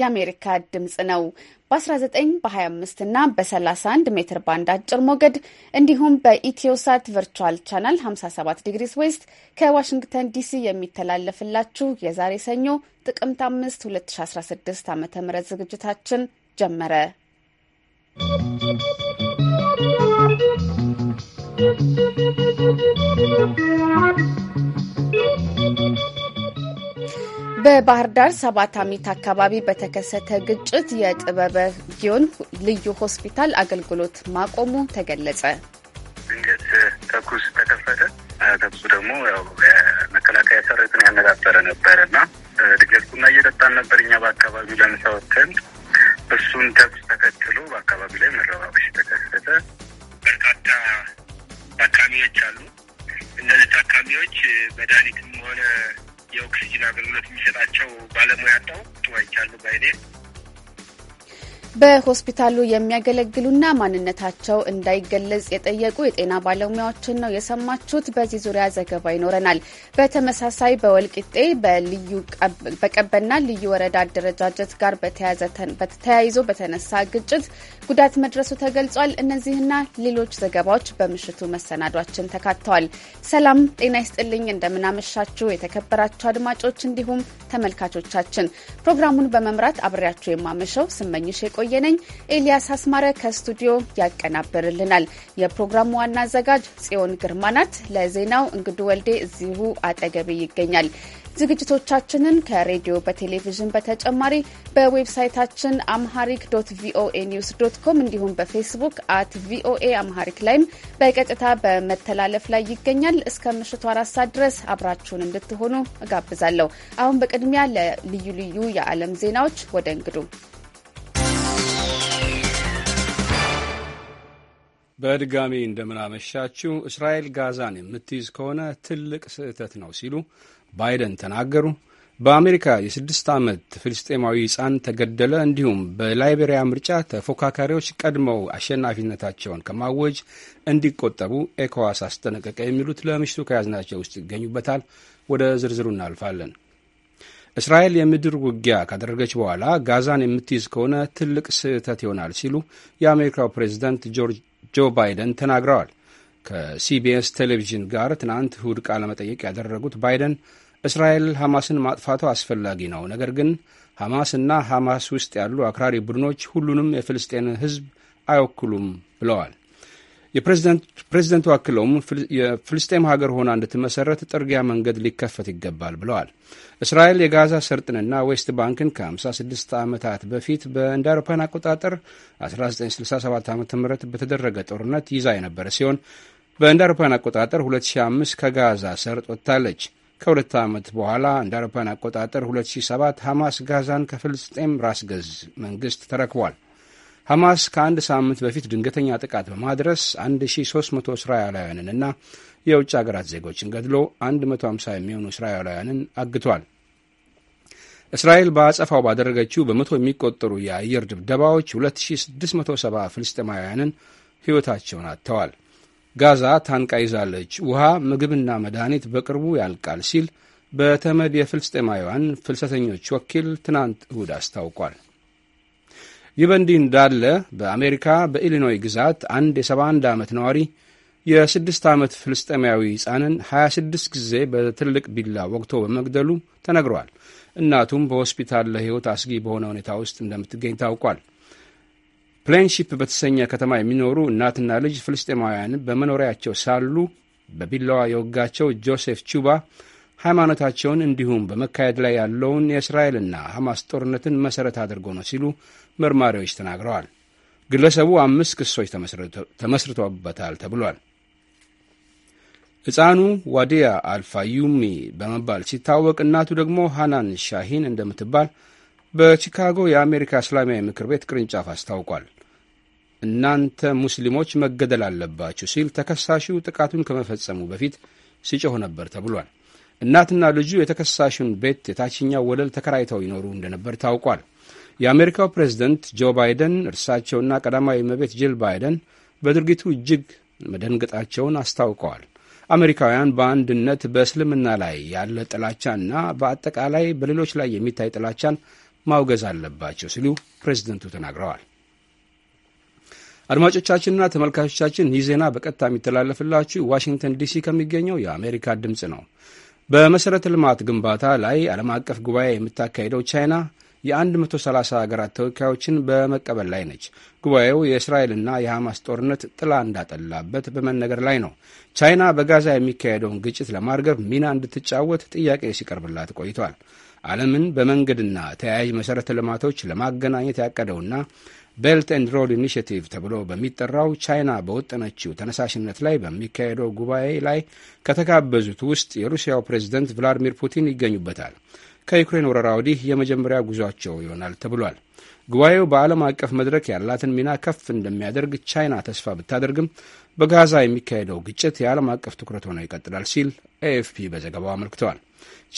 የአሜሪካ ድምፅ ነው። በ19 በ25 እና በ31 ሜትር ባንድ አጭር ሞገድ እንዲሁም በኢትዮሳት ቨርቹዋል ቻናል 57 ዲግሪስ ዌስት ከዋሽንግተን ዲሲ የሚተላለፍላችሁ የዛሬ ሰኞ ጥቅምት 5 2016 ዓ ም ዝግጅታችን ጀመረ። ¶¶ በባህር ዳር ሰባት አሚት አካባቢ በተከሰተ ግጭት የጥበበ ጊዮን ልዩ ሆስፒታል አገልግሎት ማቆሙ ተገለጸ። ድንገት ተኩስ ተከፈተ። ተኩሱ ደግሞ መከላከያ ሰራዊትን ያነጋበረ ነበር እና ድንገት ቡና እየጠጣን ነበር እኛ በአካባቢው ለምሳ እሱን ተኩስ ተከትሎ በአካባቢ ላይ መረባበሽ ተከሰተ። በርካታ ታካሚዎች አሉ። እነዚህ ታካሚዎች መድኃኒትም ሆነ የኦክሲጂን አገልግሎት የሚሰጣቸው ባለሙያ ጠው ጥዋይቻሉ ባይኔ በሆስፒታሉ የሚያገለግሉና ማንነታቸው እንዳይገለጽ የጠየቁ የጤና ባለሙያዎችን ነው የሰማችሁት። በዚህ ዙሪያ ዘገባ ይኖረናል። በተመሳሳይ በወልቂጤ በቀበና ልዩ ወረዳ አደረጃጀት ጋር ተያይዞ በተነሳ ግጭት ጉዳት መድረሱ ተገልጿል። እነዚህና ሌሎች ዘገባዎች በምሽቱ መሰናዷችን ተካተዋል። ሰላም ጤና ይስጥልኝ። እንደምናመሻችሁ የተከበራችሁ አድማጮች እንዲሁም ተመልካቾቻችን ፕሮግራሙን በመምራት አብሬያችሁ የማመሸው ስመኝሽ የቆየነኝ ኤልያስ አስማረ ከስቱዲዮ ያቀናብርልናል። የፕሮግራሙ ዋና አዘጋጅ ጽዮን ግርማ ናት። ለዜናው እንግዱ ወልዴ እዚሁ አጠገቤ ይገኛል። ዝግጅቶቻችንን ከሬዲዮ በቴሌቪዥን በተጨማሪ በዌብሳይታችን አምሃሪክ ዶት ቪኦኤ ኒውስ ዶት ኮም እንዲሁም በፌስቡክ አት ቪኦኤ አምሃሪክ ላይም በቀጥታ በመተላለፍ ላይ ይገኛል። እስከ ምሽቱ አራት ሰዓት ድረስ አብራችሁን እንድትሆኑ እጋብዛለሁ። አሁን በቅድሚያ ለልዩ ልዩ የዓለም ዜናዎች ወደ እንግዱ በድጋሚ እንደምናመሻችው እስራኤል ጋዛን የምትይዝ ከሆነ ትልቅ ስህተት ነው ሲሉ ባይደን ተናገሩ። በአሜሪካ የስድስት ዓመት ፍልስጤማዊ ሕፃን ተገደለ። እንዲሁም በላይቤሪያ ምርጫ ተፎካካሪዎች ቀድመው አሸናፊነታቸውን ከማወጅ እንዲቆጠቡ ኤኮዋስ አስጠነቀቀ። የሚሉት ለምሽቱ ከያዝናቸው ውስጥ ይገኙበታል። ወደ ዝርዝሩ እናልፋለን። እስራኤል የምድር ውጊያ ካደረገች በኋላ ጋዛን የምትይዝ ከሆነ ትልቅ ስህተት ይሆናል ሲሉ የአሜሪካው ፕሬዚዳንት ጆርጅ ጆ ባይደን ተናግረዋል። ከሲቢኤስ ቴሌቪዥን ጋር ትናንት እሁድ ቃለ መጠየቅ ያደረጉት ባይደን እስራኤል ሐማስን ማጥፋቱ አስፈላጊ ነው፣ ነገር ግን ሐማስና ሐማስ ውስጥ ያሉ አክራሪ ቡድኖች ሁሉንም የፍልስጤን ሕዝብ አይወክሉም ብለዋል። ፕሬዚደንቱ አክለውም የፍልስጤም ሀገር ሆና እንድትመሰረት ጥርጊያ መንገድ ሊከፈት ይገባል ብለዋል። እስራኤል የጋዛ ሰርጥንና ዌስት ባንክን ከ56 ዓመታት በፊት በእንደ አቆጣጠር 1967 ዓ ም በተደረገ ጦርነት ይዛ የነበረ ሲሆን በእንደ አጣጠር አቆጣጠር 2005 ከጋዛ ሰርጥ ወጥታለች። ከሁለት ዓመት በኋላ እንደ አውሮፓውያን አቆጣጠር 2007 ሐማስ ጋዛን ከፍልስጤም ራስ ገዝ መንግሥት ተረክቧል። ሐማስ ከአንድ ሳምንት በፊት ድንገተኛ ጥቃት በማድረስ 1300 እስራኤላውያንንና የውጭ አገራት ዜጎችን ገድሎ 150 የሚሆኑ እስራኤላውያንን አግቷል። እስራኤል በአጸፋው ባደረገችው በመቶ የሚቆጠሩ የአየር ድብደባዎች 2670 ፍልስጤማውያንን ሕይወታቸውን አጥተዋል። ጋዛ ታንቃ ይዛለች፣ ውሃ ምግብና መድኃኒት በቅርቡ ያልቃል ሲል በተመድ የፍልስጤማውያን ፍልሰተኞች ወኪል ትናንት እሁድ አስታውቋል። ይህ በእንዲህ እንዳለ በአሜሪካ በኢሊኖይ ግዛት አንድ የ71 ዓመት ነዋሪ የስድስት ዓመት ፍልስጤማዊ ሕፃንን 26 ጊዜ በትልቅ ቢላ ወግቶ በመግደሉ ተነግሯል። እናቱም በሆስፒታል ለሕይወት አስጊ በሆነ ሁኔታ ውስጥ እንደምትገኝ ታውቋል። ፕሌንሺፕ በተሰኘ ከተማ የሚኖሩ እናትና ልጅ ፍልስጤማውያን በመኖሪያቸው ሳሉ በቢላዋ የወጋቸው ጆሴፍ ቹባ ሃይማኖታቸውን እንዲሁም በመካሄድ ላይ ያለውን የእስራኤልና ሐማስ ጦርነትን መሠረት አድርጎ ነው ሲሉ መርማሪዎች ተናግረዋል። ግለሰቡ አምስት ክሶች ተመስርቶበታል ተብሏል። ሕፃኑ ዋዲያ አልፋዩሚ በመባል ሲታወቅ እናቱ ደግሞ ሃናን ሻሂን እንደምትባል በቺካጎ የአሜሪካ እስላማዊ ምክር ቤት ቅርንጫፍ አስታውቋል። እናንተ ሙስሊሞች መገደል አለባችሁ ሲል ተከሳሹ ጥቃቱን ከመፈጸሙ በፊት ሲጮህ ነበር ተብሏል። እናትና ልጁ የተከሳሹን ቤት የታችኛው ወለል ተከራይተው ይኖሩ እንደነበር ታውቋል። የአሜሪካው ፕሬዝደንት ጆ ባይደን እርሳቸውና ቀዳማዊ እመቤት ጅል ባይደን በድርጊቱ እጅግ መደንገጣቸውን አስታውቀዋል። አሜሪካውያን በአንድነት በእስልምና ላይ ያለ ጥላቻና በአጠቃላይ በሌሎች ላይ የሚታይ ጥላቻን ማውገዝ አለባቸው ሲሉ ፕሬዝደንቱ ተናግረዋል። አድማጮቻችንና ተመልካቾቻችን ይህ ዜና በቀጥታ የሚተላለፍላችሁ ዋሽንግተን ዲሲ ከሚገኘው የአሜሪካ ድምፅ ነው። በመሠረተ ልማት ግንባታ ላይ ዓለም አቀፍ ጉባኤ የምታካሄደው ቻይና የ130 ሀገራት ተወካዮችን በመቀበል ላይ ነች። ጉባኤው የእስራኤልና የሐማስ ጦርነት ጥላ እንዳጠላበት በመነገር ላይ ነው። ቻይና በጋዛ የሚካሄደውን ግጭት ለማርገብ ሚና እንድትጫወት ጥያቄ ሲቀርብላት ቆይቷል። ዓለምን በመንገድና ተያያዥ መሠረተ ልማቶች ለማገናኘት ያቀደውና ቤልት ኤንድ ሮድ ኢኒሽቲቭ ተብሎ በሚጠራው ቻይና በወጠነችው ተነሳሽነት ላይ በሚካሄደው ጉባኤ ላይ ከተጋበዙት ውስጥ የሩሲያው ፕሬዝደንት ቭላዲሚር ፑቲን ይገኙበታል። ከዩክሬን ወረራ ወዲህ የመጀመሪያ ጉዟቸው ይሆናል ተብሏል። ጉባኤው በዓለም አቀፍ መድረክ ያላትን ሚና ከፍ እንደሚያደርግ ቻይና ተስፋ ብታደርግም በጋዛ የሚካሄደው ግጭት የዓለም አቀፍ ትኩረት ሆኖ ይቀጥላል ሲል ኤኤፍፒ በዘገባው አመልክተዋል።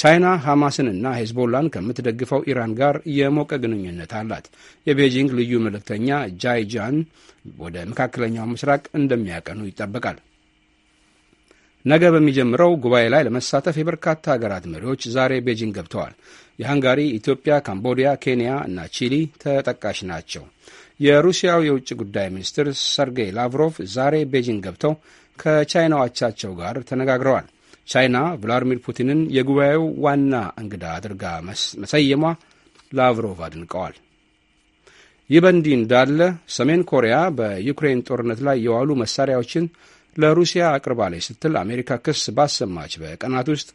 ቻይና ሐማስንና ሄዝቦላን ከምትደግፈው ኢራን ጋር የሞቀ ግንኙነት አላት። የቤጂንግ ልዩ መልእክተኛ ጃይጃን ወደ መካከለኛው ምስራቅ እንደሚያቀኑ ይጠበቃል። ነገ በሚጀምረው ጉባኤ ላይ ለመሳተፍ የበርካታ ሀገራት መሪዎች ዛሬ ቤጂንግ ገብተዋል። የሃንጋሪ፣ ኢትዮጵያ፣ ካምቦዲያ፣ ኬንያ እና ቺሊ ተጠቃሽ ናቸው። የሩሲያው የውጭ ጉዳይ ሚኒስትር ሰርጌይ ላቭሮቭ ዛሬ ቤጂንግ ገብተው ከቻይናው አቻቸው ጋር ተነጋግረዋል። ቻይና ቭላዲሚር ፑቲንን የጉባኤው ዋና እንግዳ አድርጋ መሰየሟ ላቭሮቭ አድንቀዋል። ይህ በእንዲህ እንዳለ ሰሜን ኮሪያ በዩክሬን ጦርነት ላይ የዋሉ መሳሪያዎችን ለሩሲያ አቅርባለች ስትል አሜሪካ ክስ ባሰማች በቀናት ውስጥ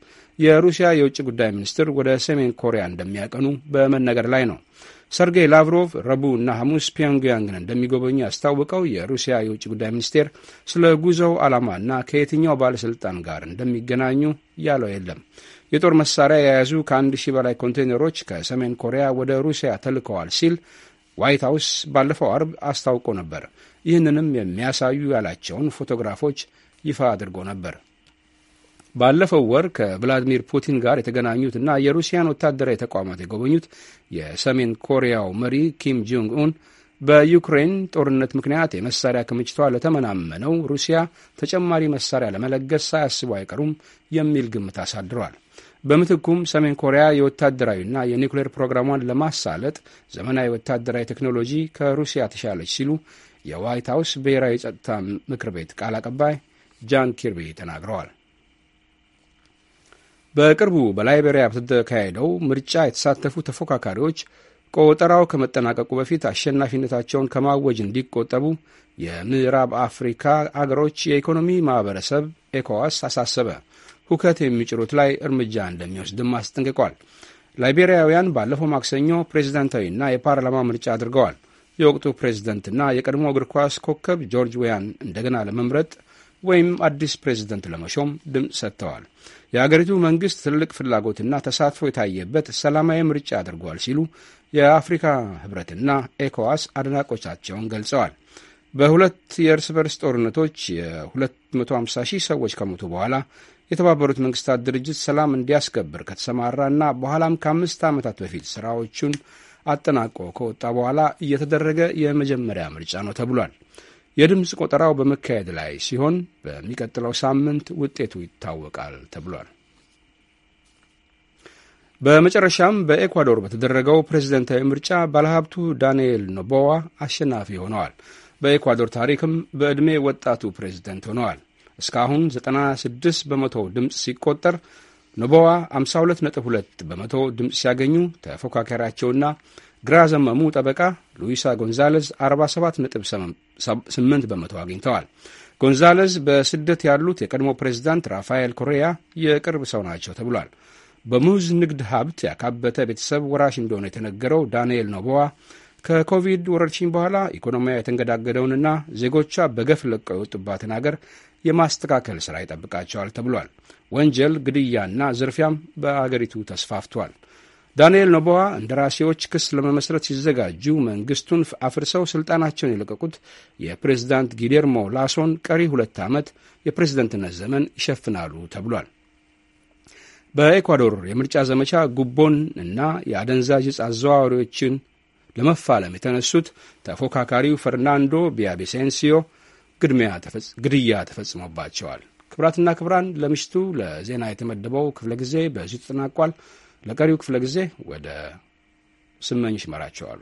የሩሲያ የውጭ ጉዳይ ሚኒስትር ወደ ሰሜን ኮሪያ እንደሚያቀኑ በመነገር ላይ ነው። ሰርጌይ ላቭሮቭ እና ሐሙስ ፒዮንግያንግን እንደሚጎበኙ ያስታውቀው የሩሲያ የውጭ ጉዳይ ሚኒስቴር ስለ ጉዞው ዓላማና ከየትኛው ባለሥልጣን ጋር እንደሚገናኙ ያለው የለም። የጦር መሳሪያ የያዙ ከአንድ ሺህ በላይ ኮንቴይነሮች ከሰሜን ኮሪያ ወደ ሩሲያ ተልከዋል ሲል ዋይት ሀውስ ባለፈው አርብ አስታውቆ ነበር። ይህንንም የሚያሳዩ ያላቸውን ፎቶግራፎች ይፋ አድርጎ ነበር። ባለፈው ወር ከቭላዲሚር ፑቲን ጋር የተገናኙትና የሩሲያን ወታደራዊ ተቋማት የጎበኙት የሰሜን ኮሪያው መሪ ኪም ጆንግ ኡን በዩክሬን ጦርነት ምክንያት የመሳሪያ ክምችቷ ለተመናመነው ሩሲያ ተጨማሪ መሳሪያ ለመለገስ ሳያስቡ አይቀሩም የሚል ግምት አሳድሯል። በምትኩም ሰሜን ኮሪያ የወታደራዊና የኒውክሌር ፕሮግራሟን ለማሳለጥ ዘመናዊ ወታደራዊ ቴክኖሎጂ ከሩሲያ ተሻለች ሲሉ የዋይት ሀውስ ብሔራዊ ጸጥታ ምክር ቤት ቃል አቀባይ ጃን ኪርቢ ተናግረዋል። በቅርቡ በላይቤሪያ በተካሄደው ምርጫ የተሳተፉ ተፎካካሪዎች ቆጠራው ከመጠናቀቁ በፊት አሸናፊነታቸውን ከማወጅ እንዲቆጠቡ የምዕራብ አፍሪካ አገሮች የኢኮኖሚ ማኅበረሰብ ኤኮዋስ አሳሰበ። ሁከት የሚጭሩት ላይ እርምጃ እንደሚወስድም አስጠንቅቋል። ላይቤሪያውያን ባለፈው ማክሰኞ ፕሬዚዳንታዊና የፓርላማ ምርጫ አድርገዋል። የወቅቱ ፕሬዝደንትና የቀድሞ እግር ኳስ ኮከብ ጆርጅ ዌያን እንደገና ለመምረጥ ወይም አዲስ ፕሬዝደንት ለመሾም ድምፅ ሰጥተዋል። የአገሪቱ መንግሥት ትልቅ ፍላጎትና ተሳትፎ የታየበት ሰላማዊ ምርጫ አድርጓል ሲሉ የአፍሪካ ህብረትና ኤኮዋስ አድናቆቻቸውን ገልጸዋል። በሁለት የእርስ በርስ ጦርነቶች የ250 ሺህ ሰዎች ከሞቱ በኋላ የተባበሩት መንግስታት ድርጅት ሰላም እንዲያስከብር ከተሰማራና በኋላም ከአምስት ዓመታት በፊት ስራዎቹን አጠናቆ ከወጣ በኋላ እየተደረገ የመጀመሪያ ምርጫ ነው ተብሏል። የድምፅ ቆጠራው በመካሄድ ላይ ሲሆን በሚቀጥለው ሳምንት ውጤቱ ይታወቃል ተብሏል። በመጨረሻም በኤኳዶር በተደረገው ፕሬዝደንታዊ ምርጫ ባለሀብቱ ዳንኤል ኖቦዋ አሸናፊ ሆነዋል። በኤኳዶር ታሪክም በዕድሜ ወጣቱ ፕሬዝደንት ሆነዋል። እስካሁን 96 በመቶ ድምፅ ሲቆጠር ኖቦዋ 52.2 በመቶ ድምፅ ሲያገኙ ተፎካካሪያቸውና ግራ ዘመሙ ጠበቃ ሉዊሳ ጎንዛሌዝ 47.8 በመቶ አግኝተዋል። ጎንዛለዝ በስደት ያሉት የቀድሞ ፕሬዚዳንት ራፋኤል ኮሬያ የቅርብ ሰው ናቸው ተብሏል። በሙዝ ንግድ ሀብት ያካበተ ቤተሰብ ወራሽ እንደሆነ የተነገረው ዳንኤል ኖቦዋ ከኮቪድ ወረርሽኝ በኋላ ኢኮኖሚያ የተንገዳገደውንና ዜጎቿ በገፍ ለቀው የወጡባትን አገር የማስተካከል ሥራ ይጠብቃቸዋል ተብሏል። ወንጀል፣ ግድያና ዝርፊያም በአገሪቱ ተስፋፍቷል። ዳንኤል ኖቦዋ እንደራሴዎች ክስ ለመመስረት ሲዘጋጁ መንግስቱን አፍርሰው ስልጣናቸውን የለቀቁት የፕሬዝዳንት ጊሌርሞ ላሶን ቀሪ ሁለት ዓመት የፕሬዝደንትነት ዘመን ይሸፍናሉ ተብሏል። በኤኳዶር የምርጫ ዘመቻ ጉቦን እና የአደንዛዥ ዕፅ አዘዋዋሪዎችን ለመፋለም የተነሱት ተፎካካሪው ፈርናንዶ ቢያቤሴንሲዮ ግድያ ተፈጽሞባቸዋል። ክብራትና ክብራን ለምሽቱ ለዜና የተመደበው ክፍለ ጊዜ በዚሁ ተጠናቋል። ለቀሪው ክፍለ ጊዜ ወደ ስመኝሽ መራቸዋሉ።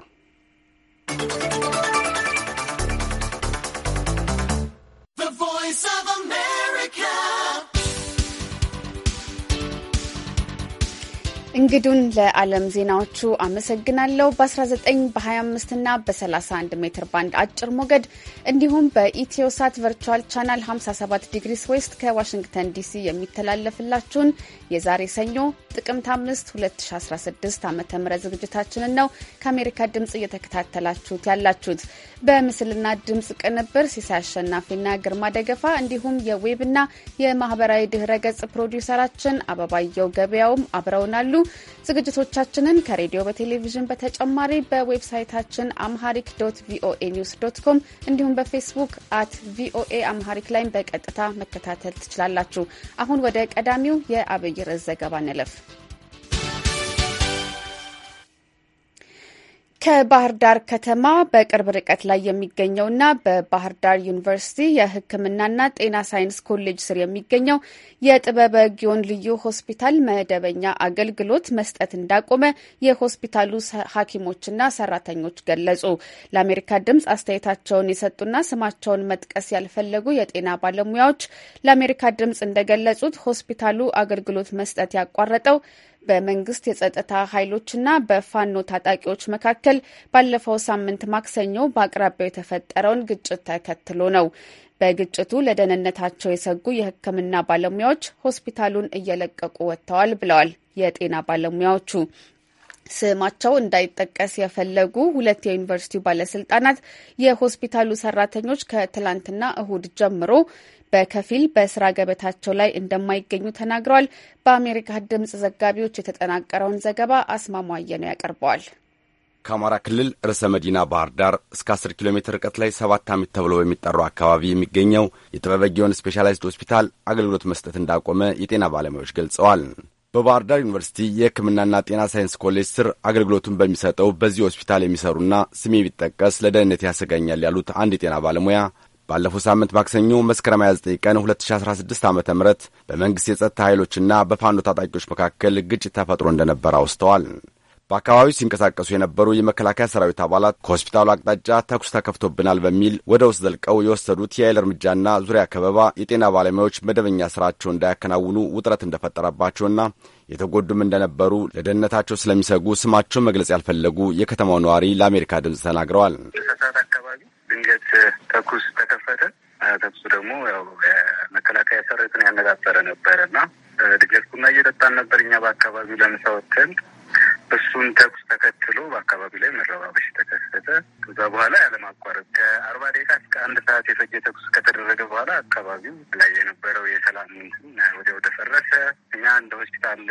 እንግዱን ለዓለም ዜናዎቹ አመሰግናለሁ። በ19 በ25 እና በ31 ሜትር ባንድ አጭር ሞገድ እንዲሁም በኢትዮሳት ቨርቹዋል ቻናል 57 ዲግሪስ ዌስት ከዋሽንግተን ዲሲ የሚተላለፍላችሁን የዛሬ ሰኞ ጥቅምት 5 2016 ዓ ም ዝግጅታችንን ነው ከአሜሪካ ድምፅ እየተከታተላችሁት ያላችሁት። በምስልና ድምፅ ቅንብር ሲሳይ አሸናፊና ግርማ ደገፋ እንዲሁም የዌብና የማህበራዊ ድህረ ገጽ ፕሮዲውሰራችን አበባየው ገበያውም አብረውናሉ። ዝግጅቶቻችንን ከሬዲዮ በቴሌቪዥን በተጨማሪ በዌብሳይታችን አምሃሪክ ዶት ቪኦኤ ኒውስ ዶት ኮም እንዲሁም በፌስቡክ አት ቪኦኤ አምሃሪክ ላይም በቀጥታ መከታተል ትችላላችሁ። አሁን ወደ ቀዳሚው የአብይ ርዕስ ዘገባ እንለፍ። ከባህር ዳር ከተማ በቅርብ ርቀት ላይ የሚገኘውና በባህር ዳር ዩኒቨርሲቲ የሕክምናና ጤና ሳይንስ ኮሌጅ ስር የሚገኘው የጥበበ ጊዮን ልዩ ሆስፒታል መደበኛ አገልግሎት መስጠት እንዳቆመ የሆስፒታሉ ሐኪሞችና ሰራተኞች ገለጹ። ለአሜሪካ ድምጽ አስተያየታቸውን የሰጡና ስማቸውን መጥቀስ ያልፈለጉ የጤና ባለሙያዎች ለአሜሪካ ድምጽ እንደገለጹት ሆስፒታሉ አገልግሎት መስጠት ያቋረጠው በመንግስት የጸጥታ ኃይሎችና በፋኖ ታጣቂዎች መካከል ባለፈው ሳምንት ማክሰኞ በአቅራቢያው የተፈጠረውን ግጭት ተከትሎ ነው። በግጭቱ ለደህንነታቸው የሰጉ የሕክምና ባለሙያዎች ሆስፒታሉን እየለቀቁ ወጥተዋል ብለዋል የጤና ባለሙያዎቹ። ስማቸው እንዳይጠቀስ የፈለጉ ሁለት የዩኒቨርሲቲው ባለስልጣናት የሆስፒታሉ ሰራተኞች ከትላንትና እሁድ ጀምሮ በከፊል በስራ ገበታቸው ላይ እንደማይገኙ ተናግረዋል። በአሜሪካ ድምጽ ዘጋቢዎች የተጠናቀረውን ዘገባ አስማማየ ነው ያቀርበዋል። ከአማራ ክልል ርዕሰ መዲና ባህር ዳር እስከ 10 ኪሎ ሜትር ርቀት ላይ ሰባት ዓመት ተብሎ በሚጠራው አካባቢ የሚገኘው የጥበበ ስፔሻላይዝድ ሆስፒታል አገልግሎት መስጠት እንዳቆመ የጤና ባለሙያዎች ገልጸዋል። በባህር ዳር ዩኒቨርሲቲ የሕክምናና ጤና ሳይንስ ኮሌጅ ስር አገልግሎቱን በሚሰጠው በዚህ ሆስፒታል የሚሰሩና ስሜ ቢጠቀስ ለደህንነት ያሰጋኛል ያሉት አንድ የጤና ባለሙያ ባለፈው ሳምንት ማክሰኞ መስከረም 29 ቀን 2016 ዓ ም በመንግሥት የጸጥታ ኃይሎችና በፋኖ ታጣቂዎች መካከል ግጭት ተፈጥሮ እንደነበር አውስተዋል። በአካባቢው ሲንቀሳቀሱ የነበሩ የመከላከያ ሰራዊት አባላት ከሆስፒታሉ አቅጣጫ ተኩስ ተከፍቶብናል በሚል ወደ ውስጥ ዘልቀው የወሰዱት የኃይል እርምጃና ዙሪያ ከበባ የጤና ባለሙያዎች መደበኛ ስራቸው እንዳያከናውኑ ውጥረት እንደፈጠረባቸውና የተጎዱም እንደነበሩ ለደህንነታቸው ስለሚሰጉ ስማቸው መግለጽ ያልፈለጉ የከተማው ነዋሪ ለአሜሪካ ድምፅ ተናግረዋል። ድንገት ተኩስ ተከፈተ። ተኩሱ ደግሞ ያው መከላከያ ሰራዊትን ያነጋገረ ነበረ እና ድንገት ቡና እየጠጣን ነበር እኛ በአካባቢው ለምሳ እሱን ተኩስ ተከትሎ በአካባቢው ላይ መረባበሽ ተከሰተ። ከዛ በኋላ ያለማቋረጥ ከአርባ ደቂቃ እስከ አንድ ሰዓት የፈጀ ተኩስ ከተደረገ በኋላ አካባቢው ላይ የነበረው የሰላም ወደ ወደ ፈረሰ። እኛ እንደ ሆስፒታል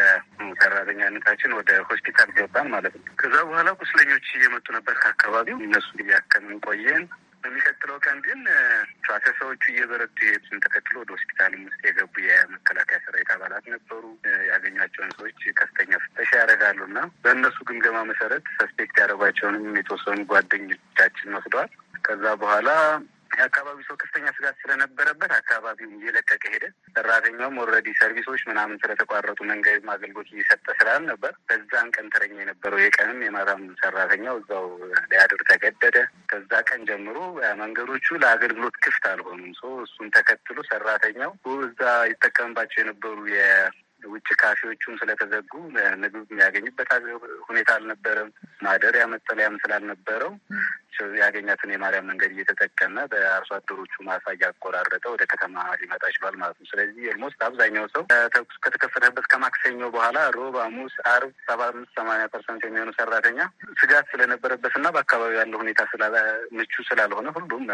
ሰራተኛነታችን ወደ ሆስፒታል ገባን ማለት ነው። ከዛ በኋላ ቁስለኞች እየመጡ ነበር ከአካባቢው እነሱ እያከምን ቆየን። በሚቀጥለው ቀን ግን ሷተ ሰዎቹ እየበረቱ የሄዱትን ተከትሎ ወደ ሆስፒታል ውስጥ የገቡ የመከላከያ ሰራዊት አባላት ነበሩ። ያገኟቸውን ሰዎች ከፍተኛ ፍተሻ ያደርጋሉ እና በእነሱ ግምገማ መሰረት ሰስፔክት ያደረጓቸውንም የተወሰኑ ጓደኞቻችን ወስደዋል። ከዛ በኋላ የአካባቢው ሰው ከፍተኛ ስጋት ስለነበረበት አካባቢውን እየለቀቀ ሄደ። ሰራተኛውም ኦልሬዲ ሰርቪሶች ምናምን ስለተቋረጡ መንገድ አገልግሎት እየሰጠ ነበር። በዛን ቀን ተረኛ የነበረው የቀንም የማታም ሰራተኛው እዛው ሊያድር ተገደደ። ከዛ ቀን ጀምሮ መንገዶቹ ለአገልግሎት ክፍት አልሆኑም። ሰው እሱን ተከትሎ ሰራተኛው እዛ ይጠቀምባቸው የነበሩ ውጭ ካፌዎቹም ስለተዘጉ ምግብ የሚያገኝበት ሁኔታ አልነበረም። ማደሪያ መጠለያም ስላልነበረው ያገኛትን የማርያም መንገድ እየተጠቀመ በአርሶ አደሮቹ ማሳ እያቆራረጠ ወደ ከተማ ሊመጣ ይችላል ማለት ነው። ስለዚህ ኦልሞስት አብዛኛው ሰው ተኩስ ከተከፈተበት ከማክሰኞ በኋላ ሮብ፣ ሐሙስ፣ አርብ ሰባ አምስት ሰማንያ ፐርሰንት የሚሆኑ ሰራተኛ ስጋት ስለነበረበትና በአካባቢው ያለው ሁኔታ ምቹ ስላልሆነ ሁሉም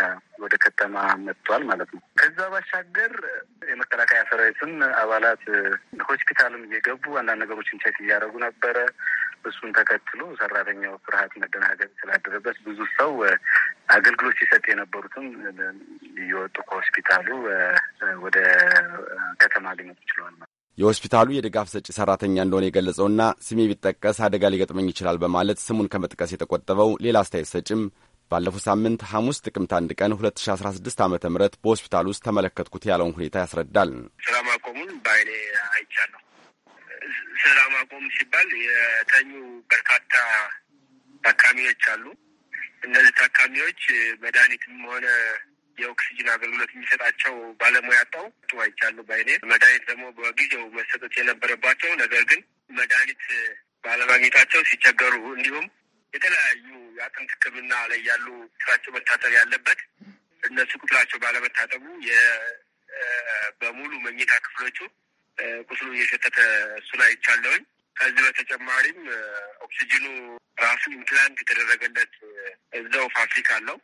ወደ ከተማ መጥቷል ማለት ነው። ከዛ ባሻገር የመከላከያ ሰራዊትም አባላት ሆስፒታልም እየገቡ አንዳንድ ነገሮችን ቼክ እያደረጉ ነበረ። እሱን ተከትሎ ሰራተኛው ፍርሃት፣ መደናገጥ ስላደረበት ብዙ ሰው አገልግሎት ሲሰጥ የነበሩትም እየወጡ ከሆስፒታሉ ወደ ከተማ ሊመጡ ችለዋል። የሆስፒታሉ የድጋፍ ሰጪ ሰራተኛ እንደሆነ የገለጸውና ስሜ ቢጠቀስ አደጋ ሊገጥመኝ ይችላል በማለት ስሙን ከመጥቀስ የተቆጠበው ሌላ አስተያየት ሰጭም ባለፈው ሳምንት ሐሙስ ጥቅምት አንድ ቀን 2016 ዓ ም በሆስፒታል ውስጥ ተመለከትኩት ያለውን ሁኔታ ያስረዳል። ስራ ማቆሙን በአይኔ አይቻለሁ። ስራ ማቆም ሲባል የተኙ በርካታ ታካሚዎች አሉ። እነዚህ ታካሚዎች መድኃኒትም ሆነ የኦክሲጅን አገልግሎት የሚሰጣቸው ባለሙያ አጣው አይቻለሁ በአይኔ። መድኃኒት ደግሞ በጊዜው መሰጠት የነበረባቸው ነገር ግን መድኃኒት ባለማግኘታቸው ሲቸገሩ እንዲሁም የተለያዩ የአጥንት ሕክምና ላይ ያሉ ቁጥራቸው መታጠብ ያለበት እነሱ ቁጥራቸው ባለመታጠቡ በሙሉ መኝታ ክፍሎቹ ቁስሉ እየሸተተ እሱን አይቻለሁኝ። ከዚህ በተጨማሪም ኦክሲጅኑ ራሱ ኢምፕላንት የተደረገለት እዛው ፋብሪካ አለው።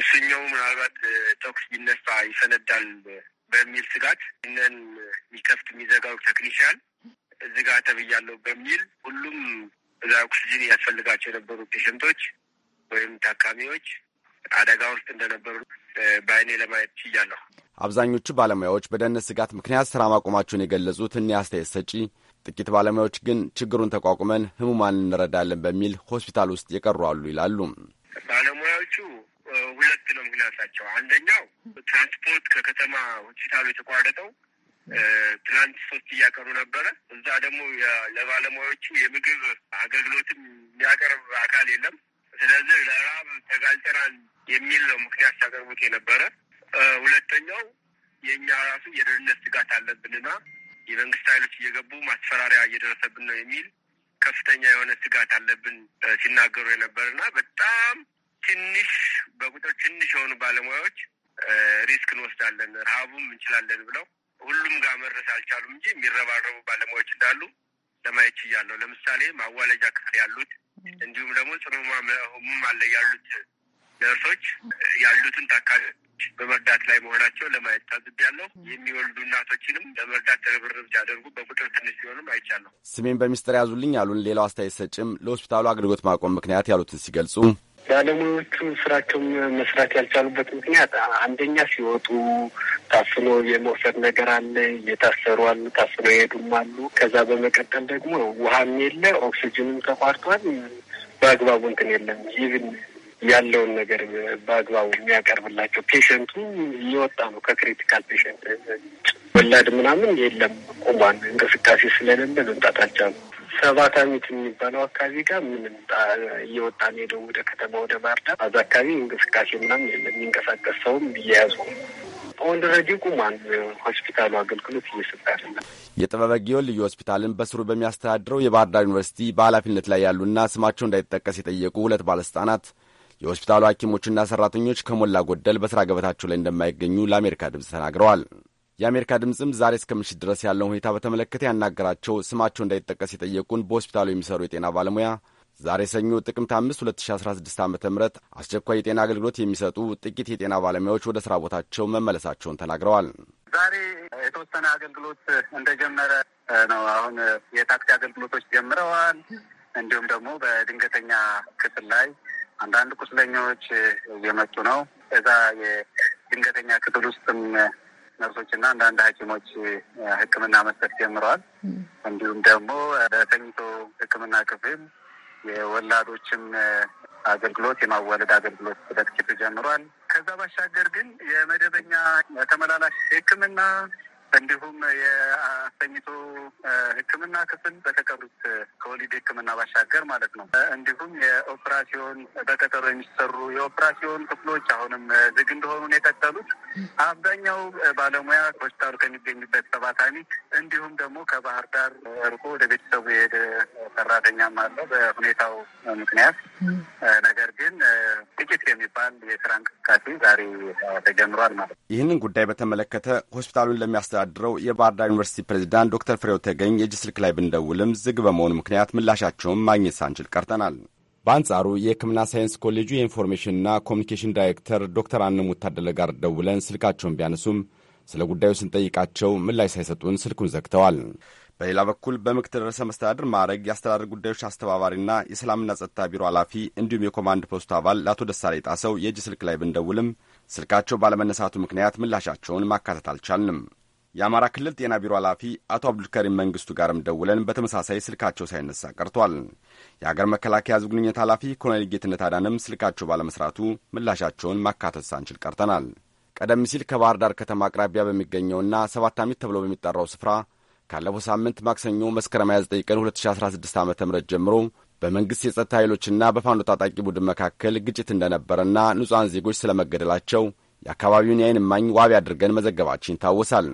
እሱኛው ምናልባት ተኩስ ቢነሳ ይፈነዳል በሚል ስጋት ይህንን የሚከፍት የሚዘጋው ቴክኒሽያን እዚህ ጋር ተብያለሁ በሚል ሁሉም እዛ ኦክሲጅን ያስፈልጋቸው የነበሩ ፔሸንቶች ወይም ታካሚዎች አደጋ ውስጥ እንደነበሩ በአይኔ ለማየት ችያለሁ። አብዛኞቹ ባለሙያዎች በደህንነት ስጋት ምክንያት ስራ ማቆማቸውን የገለጹት እኒ አስተያየት ሰጪ፣ ጥቂት ባለሙያዎች ግን ችግሩን ተቋቁመን ህሙማን እንረዳለን በሚል ሆስፒታል ውስጥ የቀሩ አሉ ይላሉ። ባለሙያዎቹ ሁለት ነው ምክንያታቸው። አንደኛው ትራንስፖርት ከከተማ ሆስፒታሉ የተቋረጠው ትናንት ሶስት እያቀሩ ነበረ። እዛ ደግሞ ለባለሙያዎቹ የምግብ አገልግሎትም የሚያቀርብ አካል የለም። ስለዚህ ለራብ ተጋልጠናል የሚል ነው ምክንያት ሲያቀርቡት የነበረ። ሁለተኛው የእኛ ራሱ የደህንነት ስጋት አለብንና የመንግስት ኃይሎች እየገቡ ማስፈራሪያ እየደረሰብን ነው የሚል ከፍተኛ የሆነ ስጋት አለብን ሲናገሩ የነበርና በጣም ትንሽ በቁጥር ትንሽ የሆኑ ባለሙያዎች ሪስክ እንወስዳለን፣ ረሀቡም እንችላለን ብለው ሁሉም ጋር መድረስ አልቻሉም እንጂ የሚረባረቡ ባለሙያዎች እንዳሉ ለማየት ችያለሁ። ለምሳሌ ማዋለጃ ክፍል ያሉት እንዲሁም ደግሞ ጽኑ ህሙማን አለ ያሉት ነርሶች ያሉትን ታካሚዎች በመርዳት ላይ መሆናቸው ለማየት ታዝቤያለሁ። የሚወልዱ እናቶችንም ለመርዳት ርብርብ ሲያደርጉ በቁጥር ትንሽ ሲሆንም አይቻለሁ። ስሜን በሚስጥር ያዙልኝ ያሉን ሌላው አስተያየት ሰጭም ለሆስፒታሉ አገልግሎት ማቆም ምክንያት ያሉትን ሲገልጹ ባለሙያዎቹ ስራቸውን መስራት ያልቻሉበት ምክንያት አንደኛ ሲወጡ ታፍኖ የመውሰድ ነገር አለ። እየታሰሩ አሉ፣ ታፍኖ የሄዱም አሉ። ከዛ በመቀጠል ደግሞ ውሃም የለ ኦክሲጅንም ተቋርጧል። በአግባቡ እንትን የለም ይብን ያለውን ነገር በአግባቡ የሚያቀርብላቸው ፔሸንቱ እየወጣ ነው። ከክሪቲካል ፔሸንት ወላድ ምናምን የለም፣ ቁሟን እንቅስቃሴ ስለሌለ መምጣት አልቻሉ። ሰባት አመት የሚባለው አካባቢ ጋር ምንም እየወጣን ሄደው ወደ ከተማ ወደ ባህርዳር አዛ አካባቢ እንቅስቃሴ ምናም የሚንቀሳቀስ ሰውም እየያዙ አሁን ቁማን ሆስፒታሉ አገልግሎት እየሰጠ የጥበበ የጥበበጊዮን ልዩ ሆስፒታልን በስሩ በሚያስተዳድረው የባህር ዳር ዩኒቨርሲቲ በኃላፊነት ላይ ያሉና ስማቸው እንዳይጠቀስ የጠየቁ ሁለት ባለስልጣናት የሆስፒታሉ ሐኪሞችና ሰራተኞች ከሞላ ጎደል በስራ ገበታቸው ላይ እንደማይገኙ ለአሜሪካ ድምፅ ተናግረዋል። የአሜሪካ ድምፅም ዛሬ እስከ ምሽት ድረስ ያለውን ሁኔታ በተመለከተ ያናገራቸው ስማቸው እንዳይጠቀስ የጠየቁን በሆስፒታሉ የሚሰሩ የጤና ባለሙያ ዛሬ ሰኞ ጥቅምት 5 2016 ዓ ም አስቸኳይ የጤና አገልግሎት የሚሰጡ ጥቂት የጤና ባለሙያዎች ወደ ስራ ቦታቸው መመለሳቸውን ተናግረዋል። ዛሬ የተወሰነ አገልግሎት እንደጀመረ ነው። አሁን የታክሲ አገልግሎቶች ጀምረዋል። እንዲሁም ደግሞ በድንገተኛ ክፍል ላይ አንዳንድ ቁስለኞች እየመጡ ነው። እዛ የድንገተኛ ክፍል ውስጥም እና አንዳንድ ሐኪሞች ሕክምና መስጠት ጀምረዋል። እንዲሁም ደግሞ በተኝቶ ሕክምና ክፍል የወላዶችም አገልግሎት የማዋለድ አገልግሎት በጥቂቱ ጀምሯል። ከዛ ባሻገር ግን የመደበኛ ተመላላሽ ሕክምና እንዲሁም የአሰኝቶ ሕክምና ክፍል በተቀሩት ከወሊድ ሕክምና ባሻገር ማለት ነው። እንዲሁም የኦፕራሲዮን በቀጠሮ የሚሰሩ የኦፕራሲዮን ክፍሎች አሁንም ዝግ እንደሆኑን የቀጠሉት አብዛኛው ባለሙያ ሆስፒታሉ ከሚገኝበት ተባታኒ እንዲሁም ደግሞ ከባህር ዳር ርቆ ወደ ቤተሰቡ የሄደ ሰራተኛም አለው በሁኔታው ምክንያት። ነገር ግን ጥቂት የሚባል የስራ እንቅስቃሴ ዛሬ ተጀምሯል ማለት ነው። ይህንን ጉዳይ በተመለከተ ሆስፒታሉን ለሚያስተ አወዳድረው የባህር ዳር ዩኒቨርሲቲ ፕሬዚዳንት ዶክተር ፍሬው ተገኝ የእጅ ስልክ ላይ ብንደውልም ዝግ በመሆኑ ምክንያት ምላሻቸውን ማግኘት ሳንችል ቀርተናል። በአንጻሩ የሕክምና ሳይንስ ኮሌጁ የኢንፎርሜሽንና ኮሚኒኬሽን ዳይሬክተር ዶክተር አነ ታደለ ጋር ደውለን ስልካቸውን ቢያነሱም ስለ ጉዳዩ ስንጠይቃቸው ምላሽ ሳይሰጡን ስልኩን ዘግተዋል። በሌላ በኩል በምክትል ርዕሰ መስተዳድር ማዕረግ የአስተዳደር ጉዳዮች አስተባባሪና የሰላምና ጸጥታ ቢሮ ኃላፊ እንዲሁም የኮማንድ ፖስቱ አባል ለአቶ ደሳሌ ጣሰው የእጅ ስልክ ላይ ብንደውልም ስልካቸው ባለመነሳቱ ምክንያት ምላሻቸውን ማካተት አልቻልንም። የአማራ ክልል ጤና ቢሮ ኃላፊ አቶ አብዱልከሪም መንግስቱ ጋርም ደውለን በተመሳሳይ ስልካቸው ሳይነሳ ቀርቷል። የሀገር መከላከያ ሕዝብ ግንኙነት ኃላፊ ኮሎኔል ጌትነት አዳንም ስልካቸው ባለመስራቱ ምላሻቸውን ማካተት ሳንችል ቀርተናል። ቀደም ሲል ከባህር ዳር ከተማ አቅራቢያ በሚገኘውና ሰባት አሚት ተብሎ በሚጠራው ስፍራ ካለፈው ሳምንት ማክሰኞ መስከረም 29 ቀን 2016 ዓ ም ጀምሮ በመንግሥት የጸጥታ ኃይሎችና በፋኖ ታጣቂ ቡድን መካከል ግጭት እንደነበረና ንጹሐን ዜጎች ስለመገደላቸው የአካባቢውን የዓይን እማኝ ዋቢ አድርገን መዘገባችን ይታወሳል።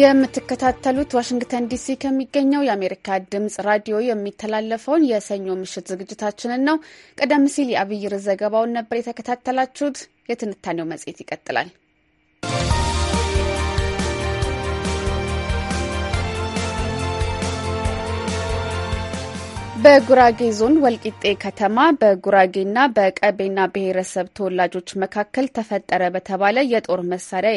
የምትከታተሉት ዋሽንግተን ዲሲ ከሚገኘው የአሜሪካ ድምጽ ራዲዮ የሚተላለፈውን የሰኞ ምሽት ዝግጅታችንን ነው። ቀደም ሲል የአብይር ዘገባውን ነበር የተከታተላችሁት። የትንታኔው መጽሔት ይቀጥላል። በጉራጌ ዞን ወልቂጤ ከተማ በጉራጌና በቀቤና ብሔረሰብ ተወላጆች መካከል ተፈጠረ በተባለ የጦር መሳሪያ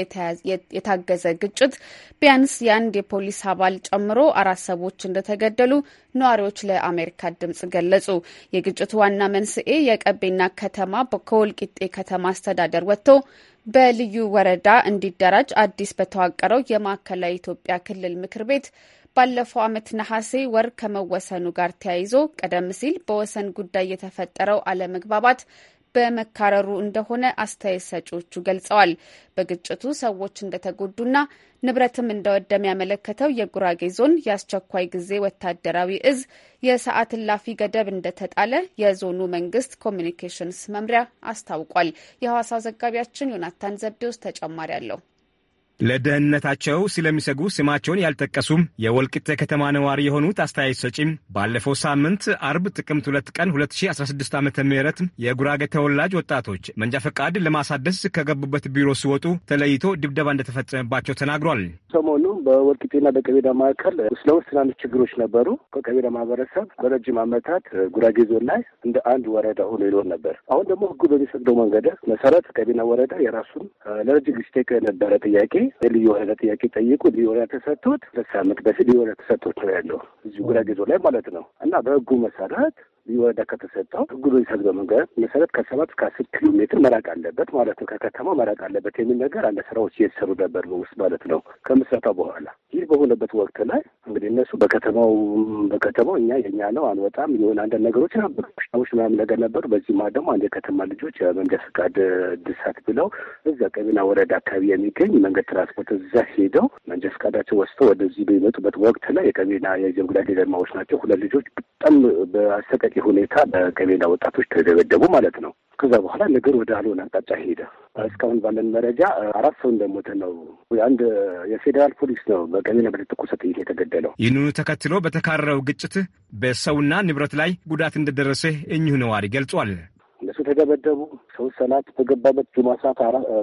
የታገዘ ግጭት ቢያንስ የአንድ የፖሊስ አባል ጨምሮ አራት ሰዎች እንደተገደሉ ነዋሪዎች ለአሜሪካ ድምጽ ገለጹ። የግጭቱ ዋና መንስኤ የቀቤና ከተማ ከወልቂጤ ከተማ አስተዳደር ወጥቶ በልዩ ወረዳ እንዲደራጅ አዲስ በተዋቀረው የማዕከላዊ ኢትዮጵያ ክልል ምክር ቤት ባለፈው ዓመት ነሐሴ ወር ከመወሰኑ ጋር ተያይዞ ቀደም ሲል በወሰን ጉዳይ የተፈጠረው አለመግባባት በመካረሩ እንደሆነ አስተያየት ሰጪዎቹ ገልጸዋል። በግጭቱ ሰዎች እንደተጎዱና ንብረትም እንደወደም ያመለከተው የጉራጌ ዞን የአስቸኳይ ጊዜ ወታደራዊ እዝ የሰዓት እላፊ ገደብ እንደተጣለ የዞኑ መንግስት ኮሚኒኬሽንስ መምሪያ አስታውቋል። የሐዋሳው ዘጋቢያችን ዮናታን ዘብዴውስ ተጨማሪ አለው። ለደህንነታቸው ስለሚሰጉ ስማቸውን ያልጠቀሱም የወልቂጤ ከተማ ነዋሪ የሆኑት አስተያየት ሰጪም ባለፈው ሳምንት አርብ ጥቅምት 2 ቀን 2016 ዓ ም የጉራጌ ተወላጅ ወጣቶች መንጃ ፈቃድ ለማሳደስ ከገቡበት ቢሮ ሲወጡ ተለይቶ ድብደባ እንደተፈጸመባቸው ተናግሯል። ሰሞኑን በወልቂጤና በቀቤዳ መካከል ስለውስጥ ትናንሽ ችግሮች ነበሩ። ከቀቤዳ ማህበረሰብ በረጅም ዓመታት ጉራጌ ዞን ላይ እንደ አንድ ወረዳ ሆኖ ይኖር ነበር። አሁን ደግሞ ህጉ በሚፈቅደው መንገድ መሰረት ቀቤና ወረዳ የራሱን ለረጅም ጊዜ የነበረ ጥያቄ ልዩ ወረዳ ጥያቄ ጠይቁ፣ ልዩ ወረዳ ተሰጥቶት ሁለት ዓመት በፊት ልዩ ወረዳ ተሰጥቶት ነው ያለው እዚሁ ጉራጌ ዞን ላይ ማለት ነው። እና በህጉ መሰረት ልዩ ወረዳ ከተሰጠው ህጉ በሚፈቅደው መንገድ መሰረት ከሰባት እስከ አስር ኪሎ ሜትር መራቅ አለበት ማለት ነው። ከከተማ መራቅ አለበት የሚል ነገር አንድ ስራዎች እየተሰሩ ነበር ውስጥ ማለት ነው። ከምስረታው በኋላ ይህ በሆነበት ወቅት ላይ እንግዲህ እነሱ በከተማው በከተማው እኛ የኛ ነው አንወጣም የሆነ አንዳንድ ነገሮች ነበሩ፣ ሽናዎች ምናምን ነገር ነበሩ። በዚህ ማ ደግሞ አንድ የከተማ ልጆች መንጃ ፈቃድ ድሳት ብለው እዚያ ቀቢና ወረዳ አካባቢ የሚገኝ መንገድ አባላት ወደዛ ሄደው መንጃ ፈቃዳቸው ወስደው ወደዚህ በሚመጡበት ወቅት ላይ የቀቤና የጀብ ጉዳት የደማዎች ናቸው ሁለት ልጆች በጣም በአሰቃቂ ሁኔታ በቀቤና ወጣቶች ተደበደቡ ማለት ነው። ከዛ በኋላ ነገር ወደ አልሆነ አቅጣጫ ሄደ። እስካሁን ባለን መረጃ አራት ሰው እንደሞተ ነው። አንድ የፌዴራል ፖሊስ ነው በቀቤና በተተኮሰ ጥይት የተገደለው። ይህንኑ ተከትሎ በተካረረው ግጭት በሰውና ንብረት ላይ ጉዳት እንደደረሰ እኚሁ ነዋሪ ገልጿል። ሰዎቹ የተደበደቡ ሰው ሰላት በገባበት ጁማ ሰዓት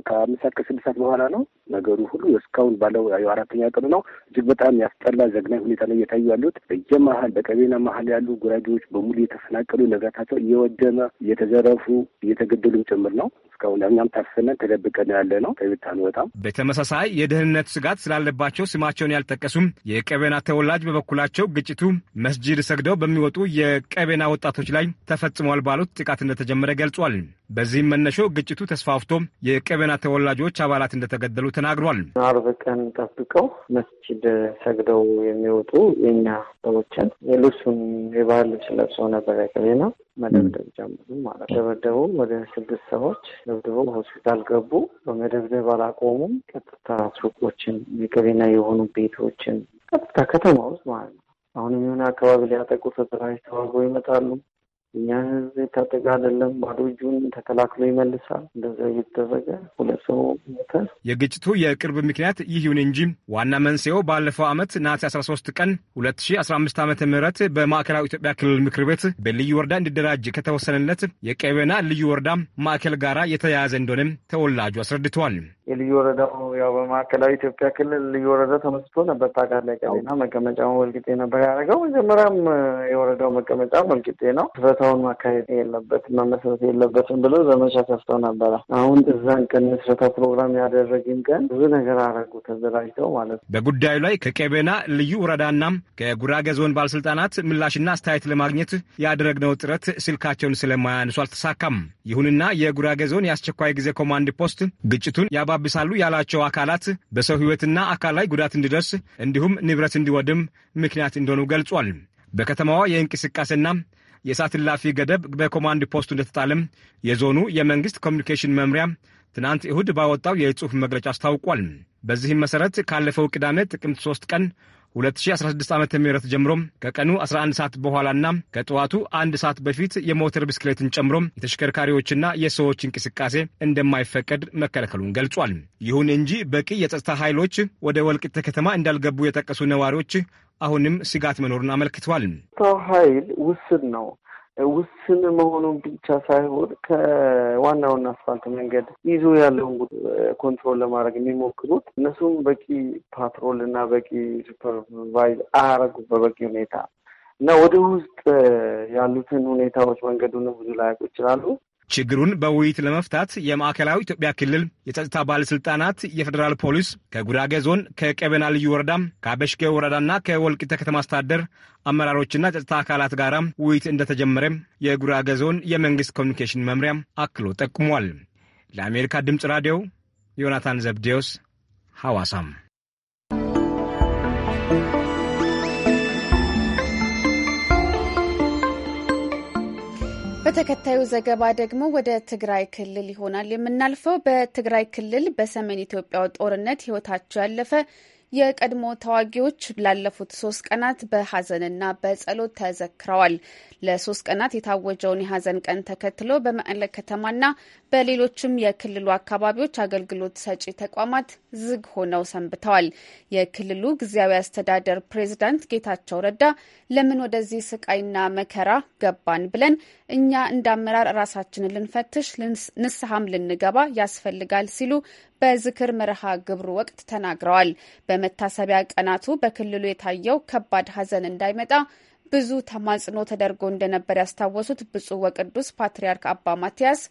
ከአምስት ሰዓት ከስድስት ሰዓት በኋላ ነው ነገሩ ሁሉ እስካሁን ባለው አራተኛ ቀኑ ነው። እጅግ በጣም ያስጠላ ዘግናኝ ሁኔታ ላይ እየታዩ ያሉት በየመሀል በቀቤና መሀል ያሉ ጉራጌዎች በሙሉ እየተፈናቀሉ ንብረታቸው እየወደመ እየተዘረፉ እየተገደሉም ጭምር ነው። እስካሁን እኛም ታፍነን ተደብቀን ያለ ነው። ከቤት አንወጣም። በተመሳሳይ የደህንነት ስጋት ስላለባቸው ስማቸውን ያልጠቀሱም የቀቤና ተወላጅ በበኩላቸው ግጭቱ መስጂድ ሰግደው በሚወጡ የቀቤና ወጣቶች ላይ ተፈጽሟል ባሉት ጥቃት እንደተጀመረ ገ ገልጿል። በዚህም መነሾ ግጭቱ ተስፋፍቶ የቀበና ተወላጆች አባላት እንደተገደሉ ተናግሯል። አርብ ቀን ጠብቀው መስጂድ ሰግደው የሚወጡ የኛ ሰዎችን የልብሱን የባህል ልብስ ለብሰው ነበር የቀቤና መደብደብ ጀምሩ ማለት ደበደቡ። ወደ ስድስት ሰዎች ደብድበው ሆስፒታል ገቡ። በመደብደብ አላቆሙም። ቀጥታ ሱቆችን፣ የቀቤና የሆኑ ቤቶችን ቀጥታ ከተማ ውስጥ ማለት ነው አሁን የሆነ አካባቢ ሊያጠቁ ተዋጎ ይመጣሉ። እኛ ህዝብ የታጠቀ አይደለም፣ ባዶ እጁን ተከላክሎ ይመልሳል። እንደዛ እየተደረገ ሁለት ሰው ሞተ። የግጭቱ የቅርብ ምክንያት ይህ ይሁን እንጂ ዋና መንስኤው ባለፈው ዓመት ነሐሴ 13 ቀን 2015 ዓ ምት በማዕከላዊ ኢትዮጵያ ክልል ምክር ቤት በልዩ ወረዳ እንዲደራጅ ከተወሰነለት የቀቤና ልዩ ወረዳ ማዕከል ጋራ የተያያዘ እንደሆነ ተወላጁ አስረድተዋል። የልዩ ወረዳው ያው በማዕከላዊ ኢትዮጵያ ክልል ልዩ ወረዳ ተመስቶ ነበር ታውቃለህ። ቀሌና መቀመጫውን ወልቂጤ ነበር ያደረገው። መጀመሪያም የወረዳው መቀመጫ ወልቂጤ ነው። ስረታውን ማካሄድ የለበትም መመስረት የለበትም ብሎ ዘመቻ ከፍተው ነበረ። አሁን እዛን ቀን ስረታ ፕሮግራም ያደረግን ቀን ብዙ ነገር አረጉ ተዘጋጅተው ማለት ነው። በጉዳዩ ላይ ከቀቤና ልዩ ወረዳና ከጉራጌ ዞን ባለስልጣናት ምላሽና አስተያየት ለማግኘት ያደረግነው ጥረት ስልካቸውን ስለማያንሱ አልተሳካም። ይሁንና የጉራጌ ዞን የአስቸኳይ ጊዜ ኮማንድ ፖስት ግጭቱን ያባ ያባብሳሉ ያላቸው አካላት በሰው ሕይወትና አካል ላይ ጉዳት እንዲደርስ እንዲሁም ንብረት እንዲወድም ምክንያት እንደሆኑ ገልጿል። በከተማዋ የእንቅስቃሴና የእሳት እላፊ ገደብ በኮማንድ ፖስቱ እንደተጣለም የዞኑ የመንግሥት ኮሚኒኬሽን መምሪያ ትናንት እሁድ ባወጣው የጽሑፍ መግለጫ አስታውቋል። በዚህም መሠረት ካለፈው ቅዳሜ ጥቅምት 3 ቀን 2016 ዓ ም ጀምሮ ከቀኑ 11 ሰዓት በኋላና ከጠዋቱ አንድ ሰዓት በፊት የሞተር ብስክሌትን ጨምሮ የተሽከርካሪዎችና የሰዎች እንቅስቃሴ እንደማይፈቀድ መከልከሉን ገልጿል። ይሁን እንጂ በቂ የጸጥታ ኃይሎች ወደ ወልቂጤ ከተማ እንዳልገቡ የጠቀሱ ነዋሪዎች አሁንም ስጋት መኖሩን አመልክተዋል። ኃይል ውስን ነው። ውስን መሆኑን ብቻ ሳይሆን ከዋናውን አስፋልት መንገድ ይዞ ያለውን ኮንትሮል ለማድረግ የሚሞክሩት እነሱም በቂ ፓትሮል እና በቂ ሱፐርቫይዝ አያረጉ በበቂ ሁኔታ እና ወደ ውስጥ ያሉትን ሁኔታዎች መንገዱን ብዙ ላያውቁ ይችላሉ። ችግሩን በውይይት ለመፍታት የማዕከላዊ ኢትዮጵያ ክልል የጸጥታ ባለስልጣናት፣ የፌዴራል ፖሊስ ከጉራጌ ዞን፣ ከቀበና ልዩ ወረዳ፣ ከአበሽጌ ወረዳና ከወልቂተ ከተማ አስተዳደር አመራሮችና ጸጥታ አካላት ጋር ውይይት እንደተጀመረ የጉራጌ ዞን የመንግስት ኮሚኒኬሽን መምሪያ አክሎ ጠቁሟል። ለአሜሪካ ድምፅ ራዲዮ ዮናታን ዘብዴዎስ ሐዋሳም ተከታዩ ዘገባ ደግሞ ወደ ትግራይ ክልል ይሆናል የምናልፈው። በትግራይ ክልል በሰሜን ኢትዮጵያው ጦርነት ህይወታቸው ያለፈ የቀድሞ ተዋጊዎች ላለፉት ሶስት ቀናት በሀዘንና በጸሎት ተዘክረዋል። ለሶስት ቀናት የታወጀውን የሀዘን ቀን ተከትሎ በመቀለ ከተማና በሌሎችም የክልሉ አካባቢዎች አገልግሎት ሰጪ ተቋማት ዝግ ሆነው ሰንብተዋል። የክልሉ ጊዜያዊ አስተዳደር ፕሬዝዳንት ጌታቸው ረዳ ለምን ወደዚህ ስቃይና መከራ ገባን ብለን እኛ እንደ አመራር ራሳችንን ልንፈትሽ ንስሐም ልንገባ ያስፈልጋል ሲሉ በዝክር መርሃ ግብሩ ወቅት ተናግረዋል። በመታሰቢያ ቀናቱ በክልሉ የታየው ከባድ ሐዘን እንዳይመጣ ብዙ ተማጽኖ ተደርጎ እንደነበር ያስታወሱት ብፁዕ ወቅዱስ ፓትርያርክ አባ ማትያስ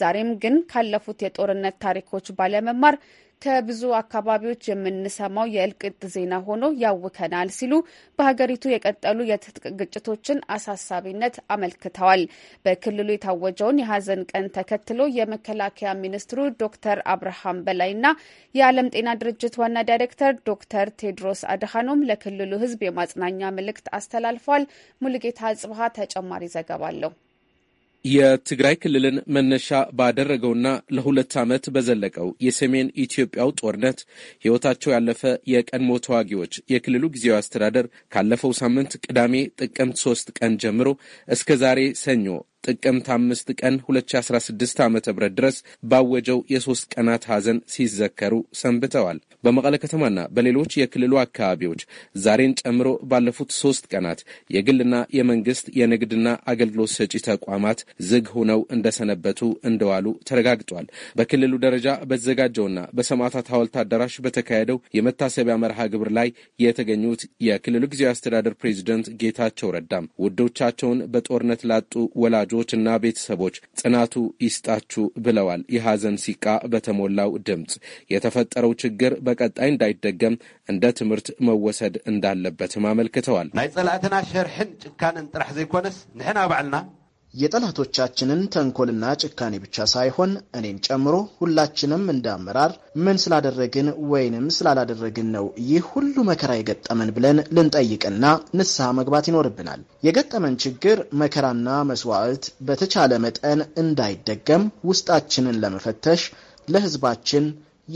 ዛሬም ግን ካለፉት የጦርነት ታሪኮች ባለመማር ከብዙ አካባቢዎች የምንሰማው የእልቅት ዜና ሆኖ ያውከናል ሲሉ በሀገሪቱ የቀጠሉ የትጥቅ ግጭቶችን አሳሳቢነት አመልክተዋል። በክልሉ የታወጀውን የሀዘን ቀን ተከትሎ የመከላከያ ሚኒስትሩ ዶክተር አብርሃም በላይና የዓለም ጤና ድርጅት ዋና ዳይሬክተር ዶክተር ቴድሮስ አድሃኖም ለክልሉ ሕዝብ የማጽናኛ መልእክት አስተላልፏል። ሙልጌታ ጽብሀ ተጨማሪ ዘገባ አለው። የትግራይ ክልልን መነሻ ባደረገውና ለሁለት ዓመት በዘለቀው የሰሜን ኢትዮጵያው ጦርነት ሕይወታቸው ያለፈ የቀድሞ ተዋጊዎች የክልሉ ጊዜያዊ አስተዳደር ካለፈው ሳምንት ቅዳሜ ጥቅምት ሶስት ቀን ጀምሮ እስከ ዛሬ ሰኞ ጥቅምት አምስት ቀን 2016 ዓ ም ድረስ ባወጀው የሶስት ቀናት ሐዘን ሲዘከሩ ሰንብተዋል። በመቀለ ከተማና በሌሎች የክልሉ አካባቢዎች ዛሬን ጨምሮ ባለፉት ሶስት ቀናት የግልና የመንግስት የንግድና አገልግሎት ሰጪ ተቋማት ዝግ ሆነው እንደሰነበቱ እንደዋሉ ተረጋግጧል። በክልሉ ደረጃ በተዘጋጀውና በሰማዕታት ሐውልት አዳራሽ በተካሄደው የመታሰቢያ መርሃ ግብር ላይ የተገኙት የክልሉ ጊዜያዊ አስተዳደር ፕሬዚደንት ጌታቸው ረዳም ውዶቻቸውን በጦርነት ላጡ ወላጆ ልጆችና ቤተሰቦች ጽናቱ ይስጣችሁ ብለዋል። የሐዘን ሲቃ በተሞላው ድምፅ የተፈጠረው ችግር በቀጣይ እንዳይደገም እንደ ትምህርት መወሰድ እንዳለበትም አመልክተዋል። ናይ ጸላእትና ሸርሕን ጭካንን ጥራሕ ዘይኮነስ ንሕና ባዕልና የጠላቶቻችንን ተንኮልና ጭካኔ ብቻ ሳይሆን እኔን ጨምሮ ሁላችንም እንደ አመራር ምን ስላደረግን ወይንም ስላላደረግን ነው ይህ ሁሉ መከራ የገጠመን ብለን ልንጠይቅና ንስሐ መግባት ይኖርብናል። የገጠመን ችግር መከራና መስዋዕት በተቻለ መጠን እንዳይደገም ውስጣችንን ለመፈተሽ ለሕዝባችን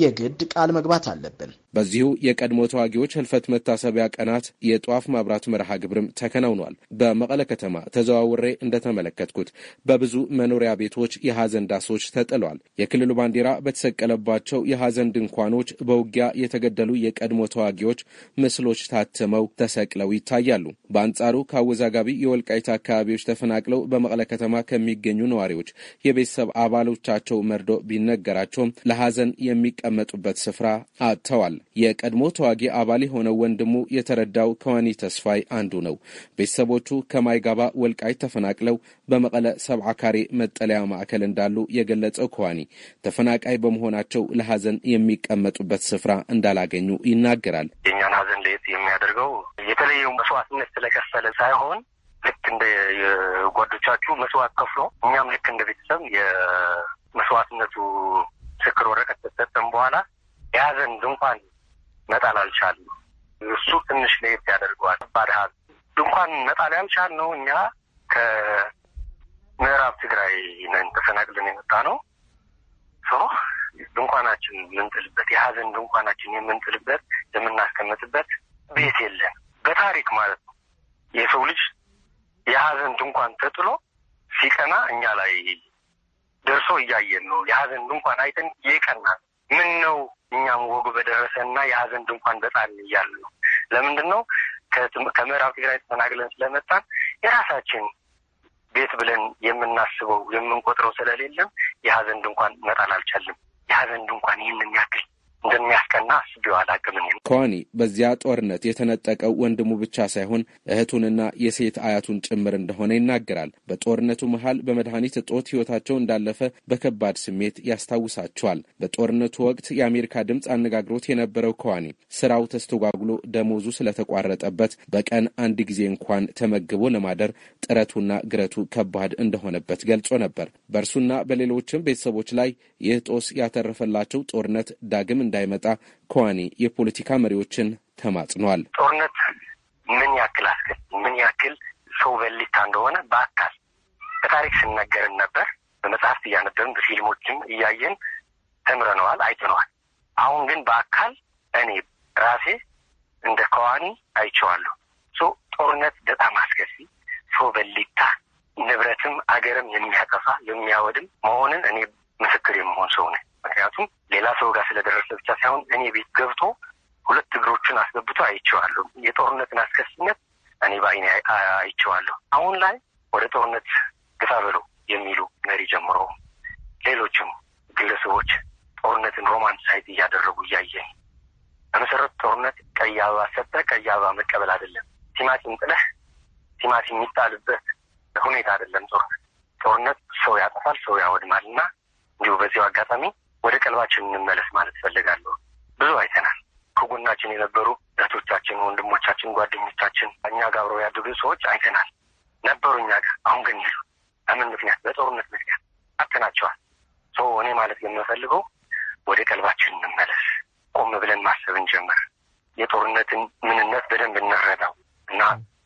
የግድ ቃል መግባት አለብን። በዚሁ የቀድሞ ተዋጊዎች ህልፈት መታሰቢያ ቀናት የጧፍ ማብራት መርሃ ግብርም ተከናውኗል። በመቀለ ከተማ ተዘዋውሬ እንደተመለከትኩት በብዙ መኖሪያ ቤቶች የሐዘን ዳሶች ተጥሏል። የክልሉ ባንዲራ በተሰቀለባቸው የሐዘን ድንኳኖች በውጊያ የተገደሉ የቀድሞ ተዋጊዎች ምስሎች ታትመው ተሰቅለው ይታያሉ። በአንጻሩ ከአወዛጋቢ የወልቃይት አካባቢዎች ተፈናቅለው በመቀለ ከተማ ከሚገኙ ነዋሪዎች የቤተሰብ አባሎቻቸው መርዶ ቢነገራቸውም ለሐዘን የሚቀመጡበት ስፍራ አጥተዋል። የቀድሞ ተዋጊ አባል የሆነው ወንድሙ የተረዳው ከዋኒ ተስፋይ አንዱ ነው። ቤተሰቦቹ ከማይጋባ ወልቃይ ተፈናቅለው በመቀለ ሰብዓ ካሬ መጠለያ ማዕከል እንዳሉ የገለጸው ከዋኒ ተፈናቃይ በመሆናቸው ለሀዘን የሚቀመጡበት ስፍራ እንዳላገኙ ይናገራል። የእኛን ሀዘን ለየት የሚያደርገው የተለየ መስዋዕትነት ስለከፈለ ሳይሆን ልክ እንደ ጓዶቻችሁ መስዋዕት ከፍሎ እኛም ልክ እንደ ቤተሰብ የመስዋዕትነቱ ምስክር ወረቀት ተሰጠን በኋላ የሀዘን ድንኳን መጣል አልቻሉ። እሱ ትንሽ ለየት ያደርገዋል። ባድሃል ድንኳን መጣል ነው። እኛ ከምዕራብ ትግራይ ነን ተፈናቅለን የመጣ ነው። ድንኳናችን የምንጥልበት የሀዘን ድንኳናችን የምንጥልበት የምናስቀምጥበት ቤት የለን። በታሪክ ማለት ነው የሰው ልጅ የሀዘን ድንኳን ተጥሎ ሲቀና እኛ ላይ ደርሶ እያየን ነው። የሀዘን ድንኳን አይተን የቀና ምን ነው እኛም ወጉ በደረሰና የሀዘን ድንኳን በጣም እያሉ ነው። ለምንድን ነው ከምዕራብ ትግራይ ተፈናቅለን ስለመጣን የራሳችን ቤት ብለን የምናስበው የምንቆጥረው ስለሌለም የሀዘን ድንኳን መጣል አልቻልም። የሀዘን ድንኳን ይህንን ያክል እንደሚያስቀና አስቤው አላቅም። ከዋኒ በዚያ ጦርነት የተነጠቀው ወንድሙ ብቻ ሳይሆን እህቱንና የሴት አያቱን ጭምር እንደሆነ ይናገራል። በጦርነቱ መሃል በመድኃኒት እጦት ህይወታቸው እንዳለፈ በከባድ ስሜት ያስታውሳቸዋል። በጦርነቱ ወቅት የአሜሪካ ድምፅ አነጋግሮት የነበረው ከዋኒ ስራው ተስተጓጉሎ ደሞዙ ስለተቋረጠበት በቀን አንድ ጊዜ እንኳን ተመግቦ ለማደር ጥረቱና ግረቱ ከባድ እንደሆነበት ገልጾ ነበር። በእርሱና በሌሎችም ቤተሰቦች ላይ ይህ ጦስ ያተረፈላቸው ጦርነት ዳግም እንዳይመጣ ከዋኒ የፖለቲካ መሪዎችን ተማጽኗል። ጦርነት ምን ያክል አስከፊ ምን ያክል ሰው በሊታ እንደሆነ በአካል በታሪክ ስነገርን ነበር። በመጽሐፍት እያነበብን በፊልሞችም እያየን ተምረነዋል፣ አይተነዋል። አሁን ግን በአካል እኔ ራሴ እንደ ከዋኒ አይቼዋለሁ። ጦርነት በጣም አስከፊ ሰው በሊታ ንብረትም አገርም የሚያጠፋ የሚያወድም መሆንን እኔ ምስክር የመሆን ሰው ነኝ። ምክንያቱም ሌላ ሰው ጋር ስለደረሰ ብቻ ሳይሆን እኔ ቤት ገብቶ ሁለት እግሮችን አስገብቶ አይቼዋለሁ። የጦርነትን አስከፊነት እኔ በአይኔ አይቼዋለሁ። አሁን ላይ ወደ ጦርነት ግፋ በለው የሚሉ መሪ ጀምሮ ሌሎችም ግለሰቦች ጦርነትን ሮማንሳይዝ እያደረጉ እያየን በመሰረቱ ጦርነት ቀይ አበባ ሰጠ ቀይ አበባ መቀበል አይደለም። ቲማቲም ጥለህ ቲማቲም የሚጣልበት ሁኔታ አይደለም ጦርነት። ጦርነት ሰው ያጠፋል፣ ሰው ያወድማል እና እንዲሁ በዚሁ አጋጣሚ ወደ ቀልባችን እንመለስ ማለት ፈልጋለሁ። ብዙ አይተናል። ከጎናችን የነበሩ እህቶቻችን፣ ወንድሞቻችን፣ ጓደኞቻችን እኛ ጋር አብረው ያደጉ ሰዎች አይተናል ነበሩ እኛ ጋር። አሁን ግን ይሉ በምን ምክንያት? በጦርነት ምክንያት አተናቸዋል? ሰው እኔ ማለት የምፈልገው ወደ ቀልባችን እንመለስ፣ ቆም ብለን ማሰብ እንጀምር፣ የጦርነትን ምንነት በደንብ እንረዳው እና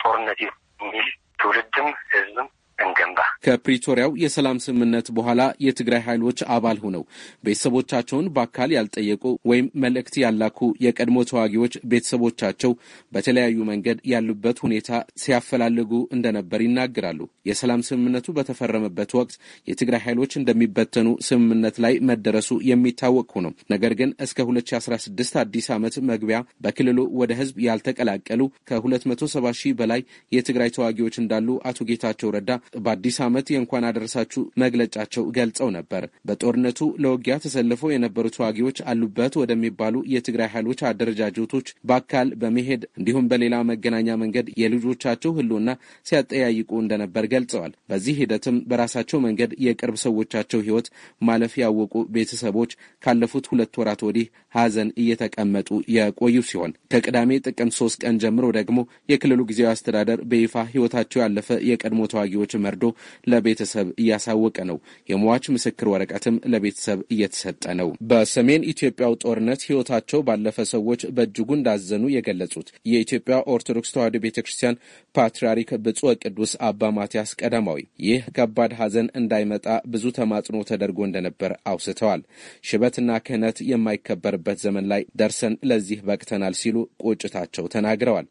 ጦርነት የሚል ትውልድም ህዝብም እንገንባ። ከፕሪቶሪያው የሰላም ስምምነት በኋላ የትግራይ ኃይሎች አባል ሆነው ቤተሰቦቻቸውን በአካል ያልጠየቁ ወይም መልእክት ያላኩ የቀድሞ ተዋጊዎች ቤተሰቦቻቸው በተለያዩ መንገድ ያሉበት ሁኔታ ሲያፈላልጉ እንደነበር ይናገራሉ። የሰላም ስምምነቱ በተፈረመበት ወቅት የትግራይ ኃይሎች እንደሚበተኑ ስምምነት ላይ መደረሱ የሚታወቅ ሆኖ ነገር ግን እስከ 2016 አዲስ ዓመት መግቢያ በክልሉ ወደ ህዝብ ያልተቀላቀሉ ከ270 ሺህ በላይ የትግራይ ተዋጊዎች እንዳሉ አቶ ጌታቸው ረዳ በአዲስ ዓመት የእንኳን አደረሳችሁ መግለጫቸው ገልጸው ነበር። በጦርነቱ ለውጊያ ተሰልፈው የነበሩ ተዋጊዎች አሉበት ወደሚባሉ የትግራይ ኃይሎች አደረጃጀቶች በአካል በመሄድ እንዲሁም በሌላ መገናኛ መንገድ የልጆቻቸው ህልውና ሲያጠያይቁ እንደነበር ገልጸዋል። በዚህ ሂደትም በራሳቸው መንገድ የቅርብ ሰዎቻቸው ህይወት ማለፍ ያወቁ ቤተሰቦች ካለፉት ሁለት ወራት ወዲህ ሀዘን እየተቀመጡ የቆዩ ሲሆን ከቅዳሜ ጥቅምት ሶስት ቀን ጀምሮ ደግሞ የክልሉ ጊዜያዊ አስተዳደር በይፋ ህይወታቸው ያለፈ የቀድሞ ተዋጊዎች መርዶ ለቤተሰብ እያሳወቀ ነው። የሟች ምስክር ወረቀትም ለቤተሰብ እየተሰጠ ነው። በሰሜን ኢትዮጵያው ጦርነት ህይወታቸው ባለፈ ሰዎች በእጅጉ እንዳዘኑ የገለጹት የኢትዮጵያ ኦርቶዶክስ ተዋሕዶ ቤተ ክርስቲያን ፓትርያርክ ብፁዕ ቅዱስ አባ ማትያስ ቀዳማዊ ይህ ከባድ ሐዘን እንዳይመጣ ብዙ ተማጽኖ ተደርጎ እንደነበር አውስተዋል። ሽበትና ክህነት የማይከበርበት ዘመን ላይ ደርሰን ለዚህ በቅተናል ሲሉ ቁጭታቸው ተናግረዋል።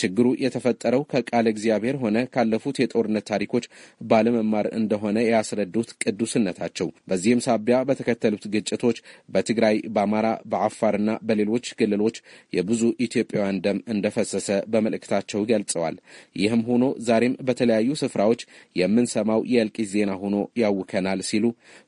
ችግሩ የተፈጠረው ከቃለ እግዚአብሔር ሆነ ካለፉት የጦርነት ታሪኮች ባለመማር እንደሆነ ያስረዱት ቅዱስነታቸው በዚህም ሳቢያ በተከተሉት ግጭቶች በትግራይ፣ በአማራ፣ በአፋርና በሌሎች ክልሎች የብዙ ኢትዮጵያውያን ደም እንደፈሰሰ በመልእክታቸው ገልጸዋል። ይህም ሆኖ ዛሬም በተለያዩ ስፍራዎች የምንሰማው የእልቂት ዜና ሆኖ ያውከናል ሲሉ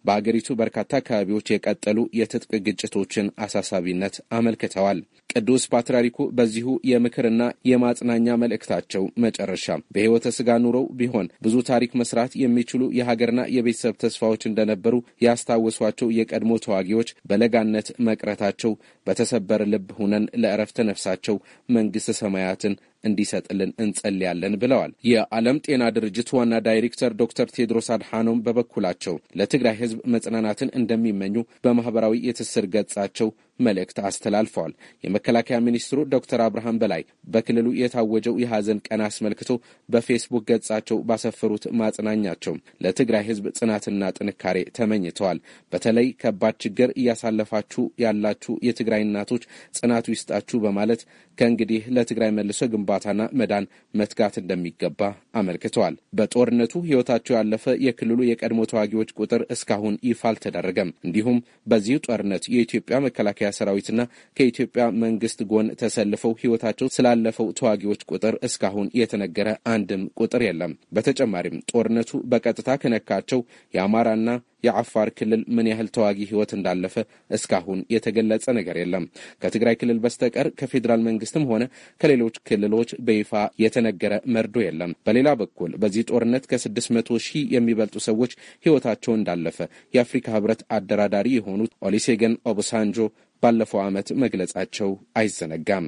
በአገሪቱ በርካታ አካባቢዎች የቀጠሉ የትጥቅ ግጭቶችን አሳሳቢነት አመልክተዋል። ቅዱስ ፓትርያርኩ በዚሁ የምክርና የማጽናኛ መልእክታቸው መጨረሻ በሕይወተ ሥጋ ኑረው ቢሆን ብዙ ታሪክ መስራት የሚችሉ የሀገርና የቤተሰብ ተስፋዎች እንደነበሩ ያስታወሷቸው የቀድሞ ተዋጊዎች በለጋነት መቅረታቸው በተሰበረ ልብ ሁነን ለእረፍተ ነፍሳቸው መንግሥተ ሰማያትን እንዲሰጥልን እንጸልያለን ብለዋል። የዓለም ጤና ድርጅት ዋና ዳይሬክተር ዶክተር ቴድሮስ አድሓኖም በበኩላቸው ለትግራይ ህዝብ መጽናናትን እንደሚመኙ በማህበራዊ የትስስር ገጻቸው መልእክት አስተላልፈዋል። የመከላከያ ሚኒስትሩ ዶክተር አብርሃም በላይ በክልሉ የታወጀው የሐዘን ቀን አስመልክቶ በፌስቡክ ገጻቸው ባሰፈሩት ማጽናኛቸው ለትግራይ ህዝብ ጽናትና ጥንካሬ ተመኝተዋል። በተለይ ከባድ ችግር እያሳለፋችሁ ያላችሁ የትግራይ እናቶች ጽናቱ ይስጣችሁ በማለት ከእንግዲህ ለትግራይ መልሶ ግንባ ግንባታና መዳን መትጋት እንደሚገባ አመልክተዋል። በጦርነቱ ሕይወታቸው ያለፈ የክልሉ የቀድሞ ተዋጊዎች ቁጥር እስካሁን ይፋ አልተደረገም። እንዲሁም በዚሁ ጦርነት የኢትዮጵያ መከላከያ ሰራዊትና ከኢትዮጵያ መንግስት ጎን ተሰልፈው ሕይወታቸው ስላለፈው ተዋጊዎች ቁጥር እስካሁን የተነገረ አንድም ቁጥር የለም። በተጨማሪም ጦርነቱ በቀጥታ ከነካቸው የአማራና የአፋር ክልል ምን ያህል ተዋጊ ህይወት እንዳለፈ እስካሁን የተገለጸ ነገር የለም። ከትግራይ ክልል በስተቀር ከፌዴራል መንግስትም ሆነ ከሌሎች ክልሎች በይፋ የተነገረ መርዶ የለም። በሌላ በኩል በዚህ ጦርነት ከስድስት መቶ ሺህ የሚበልጡ ሰዎች ህይወታቸው እንዳለፈ የአፍሪካ ህብረት አደራዳሪ የሆኑት ኦሊሴገን ኦቦሳንጆ ባለፈው ዓመት መግለጻቸው አይዘነጋም።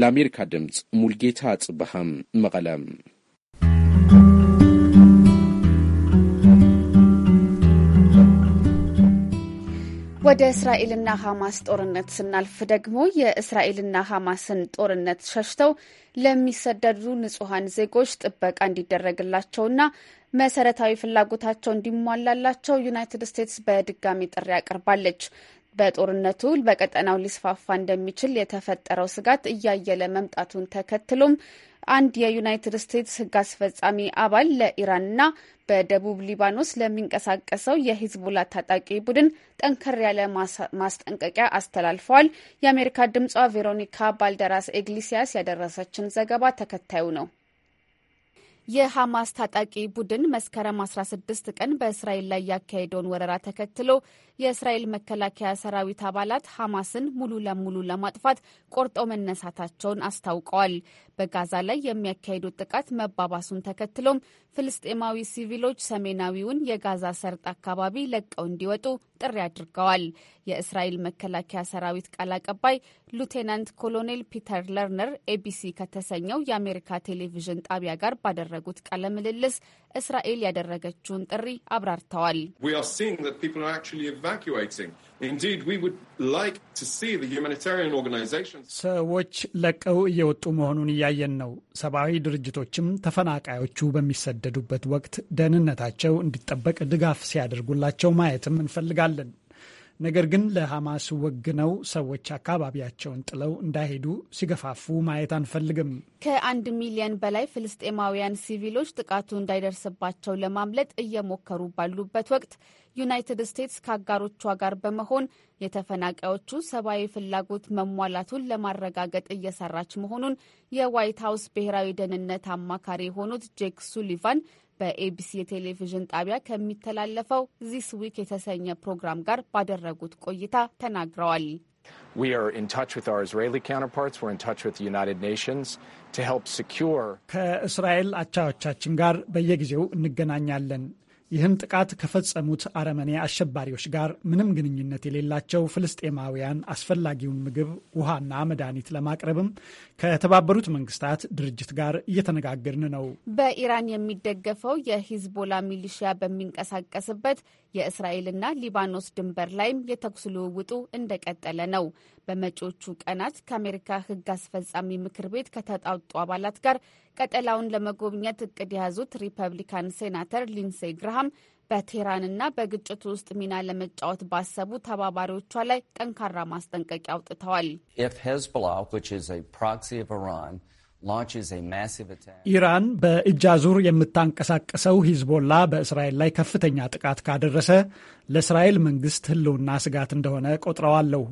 ለአሜሪካ ድምፅ ሙልጌታ አጽብሃም መቀለም ወደ እስራኤልና ሐማስ ጦርነት ስናልፍ ደግሞ የእስራኤልና ሐማስን ጦርነት ሸሽተው ለሚሰደዱ ንጹሐን ዜጎች ጥበቃ እንዲደረግላቸውና መሰረታዊ ፍላጎታቸው እንዲሟላላቸው ዩናይትድ ስቴትስ በድጋሚ ጥሪ አቅርባለች። በጦርነቱ በቀጠናው ሊስፋፋ እንደሚችል የተፈጠረው ስጋት እያየለ መምጣቱን ተከትሎም አንድ የዩናይትድ ስቴትስ ሕግ አስፈጻሚ አባል ለኢራንና በደቡብ ሊባኖስ ለሚንቀሳቀሰው የሂዝቡላ ታጣቂ ቡድን ጠንከር ያለ ማስጠንቀቂያ አስተላልፈዋል። የአሜሪካ ድምጿ ቬሮኒካ ባልደራስ ኤግሊሲያስ ያደረሰችን ዘገባ ተከታዩ ነው። የሐማስ ታጣቂ ቡድን መስከረም 16 ቀን በእስራኤል ላይ ያካሄደውን ወረራ ተከትሎ የእስራኤል መከላከያ ሰራዊት አባላት ሐማስን ሙሉ ለሙሉ ለማጥፋት ቆርጠው መነሳታቸውን አስታውቀዋል። በጋዛ ላይ የሚያካሂዱት ጥቃት መባባሱን ተከትሎም ፍልስጤማዊ ሲቪሎች ሰሜናዊውን የጋዛ ሰርጥ አካባቢ ለቀው እንዲወጡ ጥሪ አድርገዋል። የእስራኤል መከላከያ ሰራዊት ቃል አቀባይ ሉቴናንት ኮሎኔል ፒተር ለርነር ኤቢሲ ከተሰኘው የአሜሪካ ቴሌቪዥን ጣቢያ ጋር ባደረጉት ቃለ ምልልስ እስራኤል ያደረገችውን ጥሪ አብራርተዋል። ሰዎች ለቀው እየወጡ መሆኑን እያየን ነው። ሰብአዊ ድርጅቶችም ተፈናቃዮቹ በሚሰደዱበት ወቅት ደህንነታቸው እንዲጠበቅ ድጋፍ ሲያደርጉላቸው ማየትም እንፈልጋለን። ነገር ግን ለሐማስ ወግነው ሰዎች አካባቢያቸውን ጥለው እንዳይሄዱ ሲገፋፉ ማየት አንፈልግም። ከአንድ ሚሊዮን በላይ ፍልስጤማውያን ሲቪሎች ጥቃቱ እንዳይደርስባቸው ለማምለጥ እየሞከሩ ባሉበት ወቅት ዩናይትድ ስቴትስ ከአጋሮቿ ጋር በመሆን የተፈናቃዮቹ ሰብአዊ ፍላጎት መሟላቱን ለማረጋገጥ እየሰራች መሆኑን የዋይት ሀውስ ብሔራዊ ደህንነት አማካሪ የሆኑት ጄክ ሱሊቫን በኤቢሲ የቴሌቪዥን ጣቢያ ከሚተላለፈው ዚስ ዊክ የተሰኘ ፕሮግራም ጋር ባደረጉት ቆይታ ተናግረዋል። ከእስራኤል አቻዎቻችን ጋር በየጊዜው እንገናኛለን። ይህን ጥቃት ከፈጸሙት አረመኔ አሸባሪዎች ጋር ምንም ግንኙነት የሌላቸው ፍልስጤማውያን አስፈላጊውን ምግብ፣ ውሃና መድኃኒት ለማቅረብም ከተባበሩት መንግስታት ድርጅት ጋር እየተነጋገርን ነው። በኢራን የሚደገፈው የሂዝቦላ ሚሊሺያ በሚንቀሳቀስበት የእስራኤልና ሊባኖስ ድንበር ላይም የተኩስ ልውውጡ እንደቀጠለ ነው። በመጪዎቹ ቀናት ከአሜሪካ ሕግ አስፈጻሚ ምክር ቤት ከተጣጡ አባላት ጋር ቀጠላውን ለመጎብኘት እቅድ የያዙት ሪፐብሊካን ሴናተር ሊንሴይ ግርሃም በቴህራንና በግጭቱ ውስጥ ሚና ለመጫወት ባሰቡ ተባባሪዎቿ ላይ ጠንካራ ማስጠንቀቂያ አውጥተዋል። ኢራን ዙር የምታንቀሳቀሰው ሂዝቦላ በእስራኤል ላይ ከፍተኛ ጥቃት ካደረሰ ለእስራኤል መንግስት ህልውና ስጋት እንደሆነ ቆጥረዋለሁ።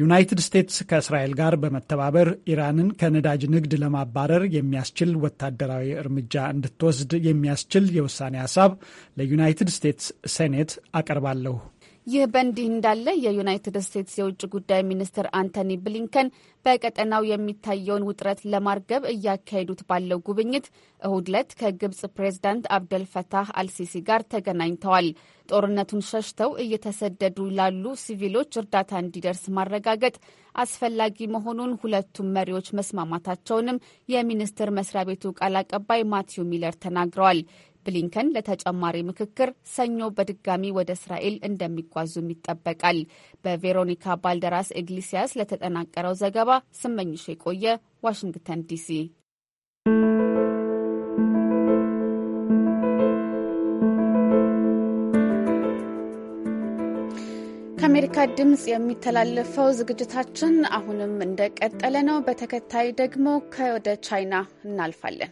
ዩናይትድ ስቴትስ ከእስራኤል ጋር በመተባበር ኢራንን ከነዳጅ ንግድ ለማባረር የሚያስችል ወታደራዊ እርምጃ እንድትወስድ የሚያስችል የውሳኔ ሀሳብ ለዩናይትድ ስቴትስ ሴኔት አቀርባለሁ ይህ በእንዲህ እንዳለ የዩናይትድ ስቴትስ የውጭ ጉዳይ ሚኒስትር አንቶኒ ብሊንከን በቀጠናው የሚታየውን ውጥረት ለማርገብ እያካሄዱት ባለው ጉብኝት እሁድ ዕለት ከግብጽ ፕሬዝዳንት አብደልፈታህ አልሲሲ ጋር ተገናኝተዋል። ጦርነቱን ሸሽተው እየተሰደዱ ላሉ ሲቪሎች እርዳታ እንዲደርስ ማረጋገጥ አስፈላጊ መሆኑን ሁለቱም መሪዎች መስማማታቸውንም የሚኒስቴር መስሪያ ቤቱ ቃል አቀባይ ማቲዩ ሚለር ተናግረዋል። ብሊንከን ለተጨማሪ ምክክር ሰኞ በድጋሚ ወደ እስራኤል እንደሚጓዙም ይጠበቃል። በቬሮኒካ ባልደራስ ኢግሊሲያስ ለተጠናቀረው ዘገባ ስመኝሽ የቆየ ዋሽንግተን ዲሲ። ከአሜሪካ ድምፅ የሚተላለፈው ዝግጅታችን አሁንም እንደቀጠለ ነው። በተከታይ ደግሞ ከወደ ቻይና እናልፋለን።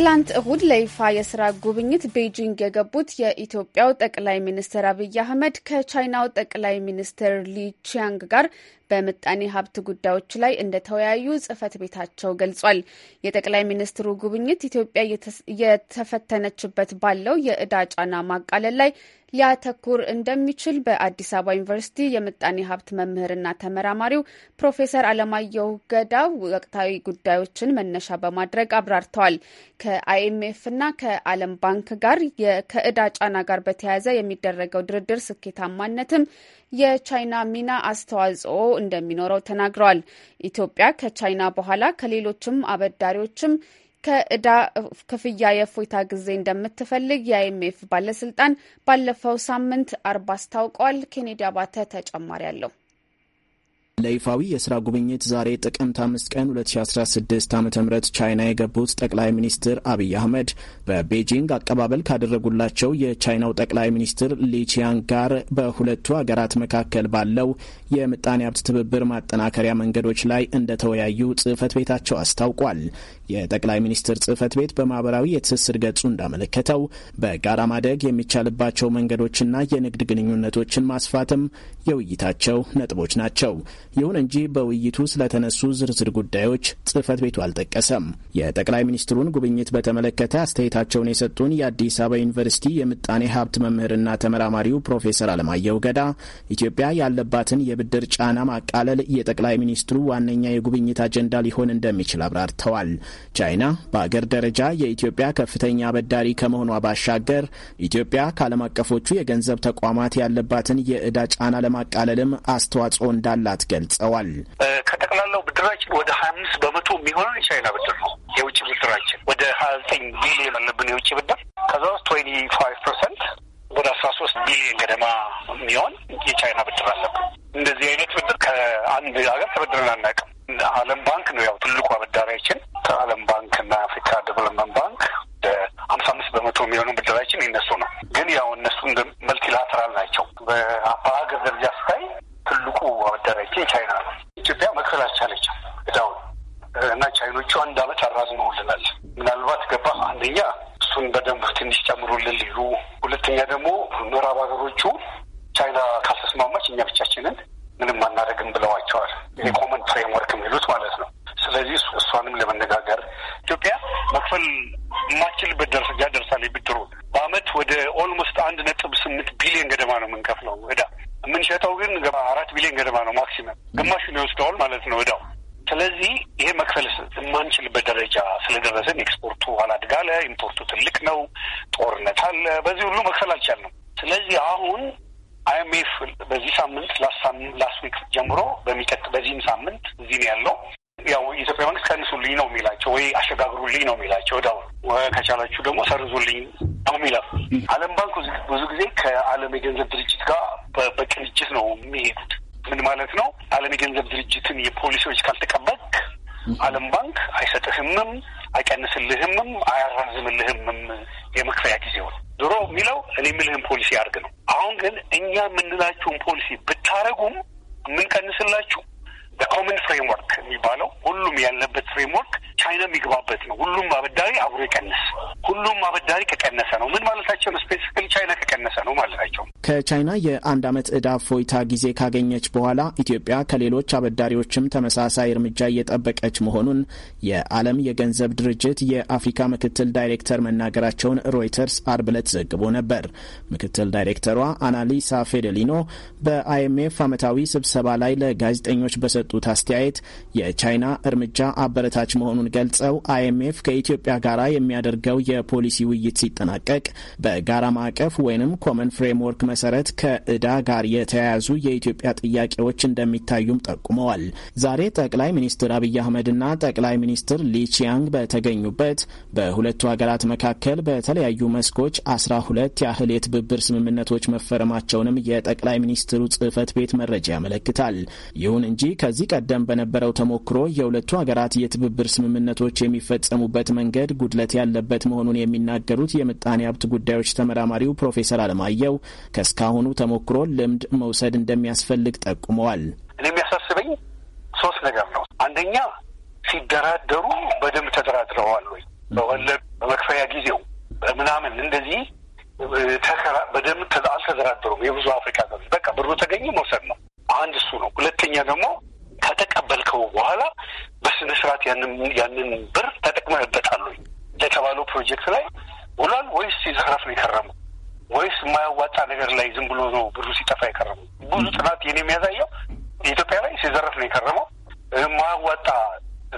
ትላንት እሁድ ለይፋ የስራ ጉብኝት ቤጂንግ የገቡት የኢትዮጵያው ጠቅላይ ሚኒስትር አብይ አህመድ ከቻይናው ጠቅላይ ሚኒስትር ሊ ቺያንግ ጋር በምጣኔ ሀብት ጉዳዮች ላይ እንደተወያዩ ጽህፈት ቤታቸው ገልጿል። የጠቅላይ ሚኒስትሩ ጉብኝት ኢትዮጵያ እየተፈተነችበት ባለው የእዳ ጫና ማቃለል ላይ ሊያተኩር እንደሚችል በአዲስ አበባ ዩኒቨርሲቲ የምጣኔ ሀብት መምህርና ተመራማሪው ፕሮፌሰር አለማየሁ ገዳ ወቅታዊ ጉዳዮችን መነሻ በማድረግ አብራርተዋል። ከአይኤምኤፍና ከዓለም ባንክ ጋር ከእዳ ጫና ጋር በተያያዘ የሚደረገው ድርድር ስኬታማነትም የቻይና ሚና አስተዋጽኦ እንደሚኖረው ተናግረዋል። ኢትዮጵያ ከቻይና በኋላ ከሌሎችም አበዳሪዎችም ከእዳ ክፍያ የእፎይታ ጊዜ እንደምትፈልግ የአይኤምኤፍ ባለስልጣን ባለፈው ሳምንት አርባ አስታውቀዋል። ኬኔዲ አባተ ተጨማሪ አለው። ለይፋዊ የስራ ጉብኝት ዛሬ ጥቅምት አምስት ቀን 2016 ዓ ም ቻይና የገቡት ጠቅላይ ሚኒስትር አብይ አህመድ በቤጂንግ አቀባበል ካደረጉላቸው የቻይናው ጠቅላይ ሚኒስትር ሊቺያን ጋር በሁለቱ አገራት መካከል ባለው የምጣኔ ሀብት ትብብር ማጠናከሪያ መንገዶች ላይ እንደተወያዩ ጽህፈት ቤታቸው አስታውቋል። የጠቅላይ ሚኒስትር ጽህፈት ቤት በማህበራዊ የትስስር ገጹ እንዳመለከተው በጋራ ማደግ የሚቻልባቸው መንገዶችና የንግድ ግንኙነቶችን ማስፋትም የውይይታቸው ነጥቦች ናቸው። ይሁን እንጂ በውይይቱ ስለተነሱ ዝርዝር ጉዳዮች ጽህፈት ቤቱ አልጠቀሰም። የጠቅላይ ሚኒስትሩን ጉብኝት በተመለከተ አስተያየታቸውን የሰጡን የአዲስ አበባ ዩኒቨርሲቲ የምጣኔ ሀብት መምህርና ተመራማሪው ፕሮፌሰር አለማየሁ ገዳ ኢትዮጵያ ያለባትን የብድር ጫና ማቃለል የጠቅላይ ሚኒስትሩ ዋነኛ የጉብኝት አጀንዳ ሊሆን እንደሚችል አብራርተዋል። ቻይና በአገር ደረጃ የኢትዮጵያ ከፍተኛ በዳሪ ከመሆኗ ባሻገር ኢትዮጵያ ከዓለም አቀፎቹ የገንዘብ ተቋማት ያለባትን የዕዳ ጫና ለማቃለልም አስተዋጽኦ እንዳላት ገ ገልጸዋል። ከጠቅላላው ብድራችን ወደ ሀያ አምስት በመቶ የሚሆነው የቻይና ብድር ነው። የውጭ ብድራችን ወደ ሀያ ዘጠኝ ቢሊዮን አለብን የውጭ ብድር ከዛ ውስጥ ትዌንቲ ፋይቭ ፐርሰንት ወደ አስራ ሶስት ቢሊዮን ገደማ የሚሆን የቻይና ብድር አለብን። እንደዚህ አይነት ብድር ከአንድ ሀገር ተበድረን አናውቅም። ዓለም ባንክ ነው ያው ትልቁ አበዳሪያችን። ከዓለም ባንክ እና አፍሪካ ዴቨሎፕመንት ባንክ ወደ ሀምሳ አምስት በመቶ የሚሆኑ ብድራችን የነሱ ነው። ግን ያው እነሱ መልቲላተራል ናቸው። በሀገር ደረጃ ስታይ ትልቁ አበዳሪያችን ቻይና ነው። ኢትዮጵያ መክፈል አልቻለችም እዳውን እና ቻይኖቹ አንድ አመት አራዝመውልናል። ምናልባት ገባ አንደኛ እሱን በደንብ ትንሽ ጨምሩልን ሊሉ፣ ሁለተኛ ደግሞ ምዕራብ ሀገሮቹ ቻይና ካልተስማማች እኛ ብቻችንን ምንም አናደርግም ብለዋቸዋል። የኮመን ፍሬምወርክ የሚሉት ማለት ነው። ስለዚህ እሷንም ለመነጋገር ኢትዮጵያ መክፈል የማችልበት ደረጃ ደርሳለች። ብድሩ በአመት ወደ ኦልሞስት አንድ ነጥብ ስምንት ቢሊዮን ገደማ ነው የምንከፍለው እዳ የምንሸጠው ግን አራት ቢሊዮን ገደማ ነው ማክሲመም። ግማሹን ይወስደዋል ማለት ነው እዳው። ስለዚህ ይሄ መክፈል የማንችልበት ደረጃ ስለደረሰን ኤክስፖርቱ አላድጋለ ኢምፖርቱ ትልቅ ነው፣ ጦርነት አለ። በዚህ ሁሉ መክፈል አልቻልንም። ስለዚህ አሁን አይኤምኤፍ በዚህ ሳምንት ላስት ዊክ ጀምሮ በሚቀጥ በዚህም ሳምንት እዚህ ነው ያለው ያው የኢትዮጵያ መንግስት ቀንሱልኝ ነው የሚላቸው ወይ አሸጋግሩልኝ ነው የሚላቸው እዳውን ከቻላችሁ ደግሞ ሰርዙልኝ ነው የሚለው። ዓለም ባንክ ብዙ ጊዜ ከዓለም የገንዘብ ድርጅት ጋር በቅንጅት ነው የሚሄዱት። ምን ማለት ነው? ዓለም የገንዘብ ድርጅትን የፖሊሲዎች ካልተቀበልክ ዓለም ባንክ አይሰጥህምም፣ አይቀንስልህምም፣ አያራዝምልህምም የመክፈያ ነው። ዞሮ የሚለው እኔ የምልህን ፖሊሲ አድርግ ነው። አሁን ግን እኛ የምንላችሁን ፖሊሲ ብታረጉም የምንቀንስላችሁ ኮመን ፍሬምወርክ የሚባለው ሁሉም ያለበት ፍሬምወርክ ቻይና የሚግባበት ነው። ሁሉም አበዳሪ አብሮ ይቀንስ። ሁሉም አበዳሪ ከቀነሰ ነው ምን ማለታቸው ነው? ስፔሲፊካሊ ቻይና ከቀነሰ ነው ማለታቸው። ከቻይና የአንድ አመት ዕዳ ፎይታ ጊዜ ካገኘች በኋላ ኢትዮጵያ ከሌሎች አበዳሪዎችም ተመሳሳይ እርምጃ እየጠበቀች መሆኑን የዓለም የገንዘብ ድርጅት የአፍሪካ ምክትል ዳይሬክተር መናገራቸውን ሮይተርስ አርብ ዕለት ዘግቦ ነበር። ምክትል ዳይሬክተሯ አናሊሳ ፌዴሊኖ በአይኤምኤፍ ዓመታዊ ስብሰባ ላይ ለጋዜጠኞች በሰጡ በሰጡት አስተያየት የቻይና እርምጃ አበረታች መሆኑን ገልጸው አይኤምኤፍ ከኢትዮጵያ ጋር የሚያደርገው የፖሊሲ ውይይት ሲጠናቀቅ በጋራ ማዕቀፍ ወይንም ኮመን ፍሬምወርክ መሰረት ከእዳ ጋር የተያያዙ የኢትዮጵያ ጥያቄዎች እንደሚታዩም ጠቁመዋል። ዛሬ ጠቅላይ ሚኒስትር አብይ አህመድና ጠቅላይ ሚኒስትር ሊቺያንግ በተገኙበት በሁለቱ ሀገራት መካከል በተለያዩ መስኮች አስራ ሁለት ያህል የትብብር ስምምነቶች መፈረማቸውንም የጠቅላይ ሚኒስትሩ ጽህፈት ቤት መረጃ ያመለክታል። ይሁን እንጂ ከዚህ ከዚህ ቀደም በነበረው ተሞክሮ የሁለቱ ሀገራት የትብብር ስምምነቶች የሚፈጸሙበት መንገድ ጉድለት ያለበት መሆኑን የሚናገሩት የምጣኔ ሀብት ጉዳዮች ተመራማሪው ፕሮፌሰር አለማየሁ ከእስካሁኑ ተሞክሮ ልምድ መውሰድ እንደሚያስፈልግ ጠቁመዋል። እኔ የሚያሳስበኝ ሶስት ነገር ነው። አንደኛ ሲደራደሩ በደንብ ተደራድረዋል ወይ? በወለድ በመክፈያ ጊዜው ምናምን እንደዚህ በደንብ አልተደራደሩም። የብዙ አፍሪካ በቃ ብሩ ተገኘ መውሰድ ነው። አንድ እሱ ነው። ሁለተኛ ደግሞ ከተቀበልከው በኋላ በስነ ስርዓት ያንን ብር ተጠቅመህበታል ወይ ለተባለው ፕሮጀክት ላይ ውሏል ወይስ ሲዘረፍ ነው የከረመው ወይስ የማያዋጣ ነገር ላይ ዝም ብሎ ነው ብሩ ሲጠፋ የከረመው? ብዙ ጥናት ይህን የሚያሳየው ኢትዮጵያ ላይ ሲዘረፍ ነው የከረመው። የማያዋጣ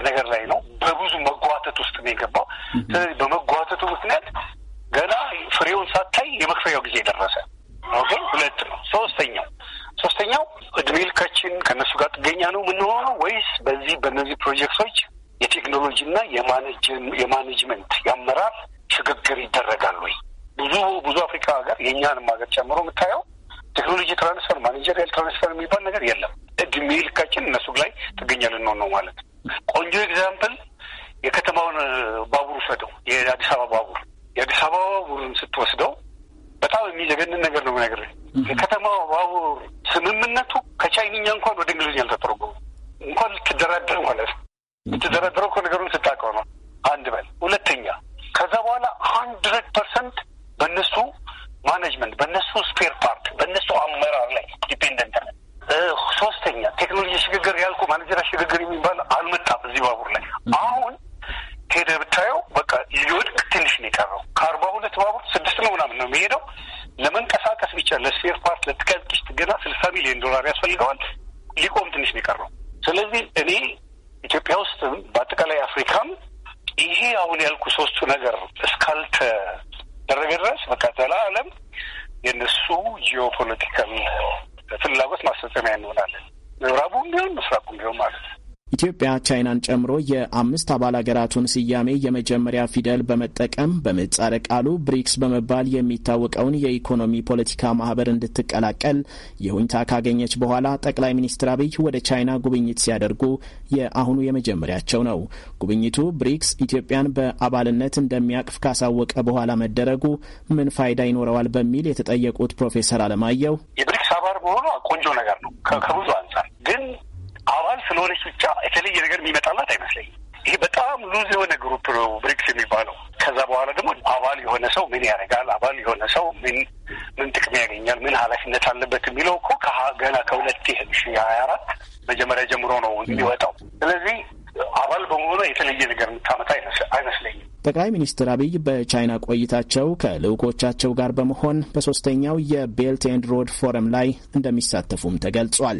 ነገር ላይ ነው። በብዙ መጓተት ውስጥ ነው የገባው። ስለዚህ በመጓተቱ ምክንያት ገና ፍሬውን ሳታይ የመክፈያው ጊዜ ደረሰ። ኦኬ፣ ሁለት ነው። ሶስተኛው ሶስተኛው እድሜ ልካችን ከእነሱ ጋር ጥገኛ ነው የምንሆነው ወይስ በዚህ በእነዚህ ፕሮጀክቶች የቴክኖሎጂ እና የማኔጅመንት የአመራር ሽግግር ይደረጋል ወይ? ብዙ ብዙ አፍሪካ ሀገር የእኛንም ሀገር ጨምሮ የምታየው ቴክኖሎጂ ትራንስፈር፣ ማኔጀሪያል ትራንስፈር የሚባል ነገር የለም። እድሜ ልካችን እነሱ ላይ ጥገኛ ልንሆን ነው ማለት ነው። ቆንጆ ኤግዛምፕል የከተማውን ባቡር ውሰደው፣ የአዲስ አበባ ባቡር። የአዲስ አበባ ባቡርን ስትወስደው በጣም የሚዘገንን ነገር ነው ነገር የከተማ ባቡር ስምምነቱ ከቻይንኛ እንኳን ወደ እንግሊዝኛ አልተተረጎመም። እንኳን ልትደራደር ማለት ነው። ልትደራደረው እኮ ነገሩን ስታውቀው ነው። አንድ በል ሁለተኛ፣ ከዛ በኋላ ሀንድረድ ፐርሰንት በእነሱ ማኔጅመንት፣ በእነሱ ስፔር ፓርት፣ በእነሱ አመራር ላይ ዲፔንደንት ነን። ሶስተኛ፣ ቴክኖሎጂ ሽግግር ያልኩ ማኔጀር ሽግግር የሚባል አልመጣም እዚህ ባቡር ላይ አሁን What you got? ቻይናን ጨምሮ የአምስት አባል ሀገራቱን ስያሜ የመጀመሪያ ፊደል በመጠቀም በምህጻረ ቃሉ ብሪክስ በመባል የሚታወቀውን የኢኮኖሚ ፖለቲካ ማህበር እንድትቀላቀል ይሁንታ ካገኘች በኋላ ጠቅላይ ሚኒስትር አብይ ወደ ቻይና ጉብኝት ሲያደርጉ የአሁኑ የመጀመሪያቸው ነው። ጉብኝቱ ብሪክስ ኢትዮጵያን በአባልነት እንደሚያቅፍ ካሳወቀ በኋላ መደረጉ ምን ፋይዳ ይኖረዋል በሚል የተጠየቁት ፕሮፌሰር አለማየሁ የብሪክስ አባል መሆኑ ቆንጆ ነገር ነው ከብዙ አንጻር ግን አባል ስለሆነች ብቻ የተለየ ነገር የሚመጣላት አይመስለኝም። ይሄ በጣም ሉዝ የሆነ ግሩፕ ነው ብሪክስ የሚባለው። ከዛ በኋላ ደግሞ አባል የሆነ ሰው ምን ያደርጋል፣ አባል የሆነ ሰው ምን ምን ጥቅም ያገኛል፣ ምን ኃላፊነት አለበት የሚለው እኮ ገና ከሁለት ሺ ሀያ አራት መጀመሪያ ጀምሮ ነው የሚወጣው። ስለዚህ አባል በመሆኑ የተለየ ነገር የምታመጣ አይመስለኝም። ጠቅላይ ሚኒስትር አብይ በቻይና ቆይታቸው ከልዑኮቻቸው ጋር በመሆን በሶስተኛው የቤልት ኤንድ ሮድ ፎረም ላይ እንደሚሳተፉም ተገልጿል።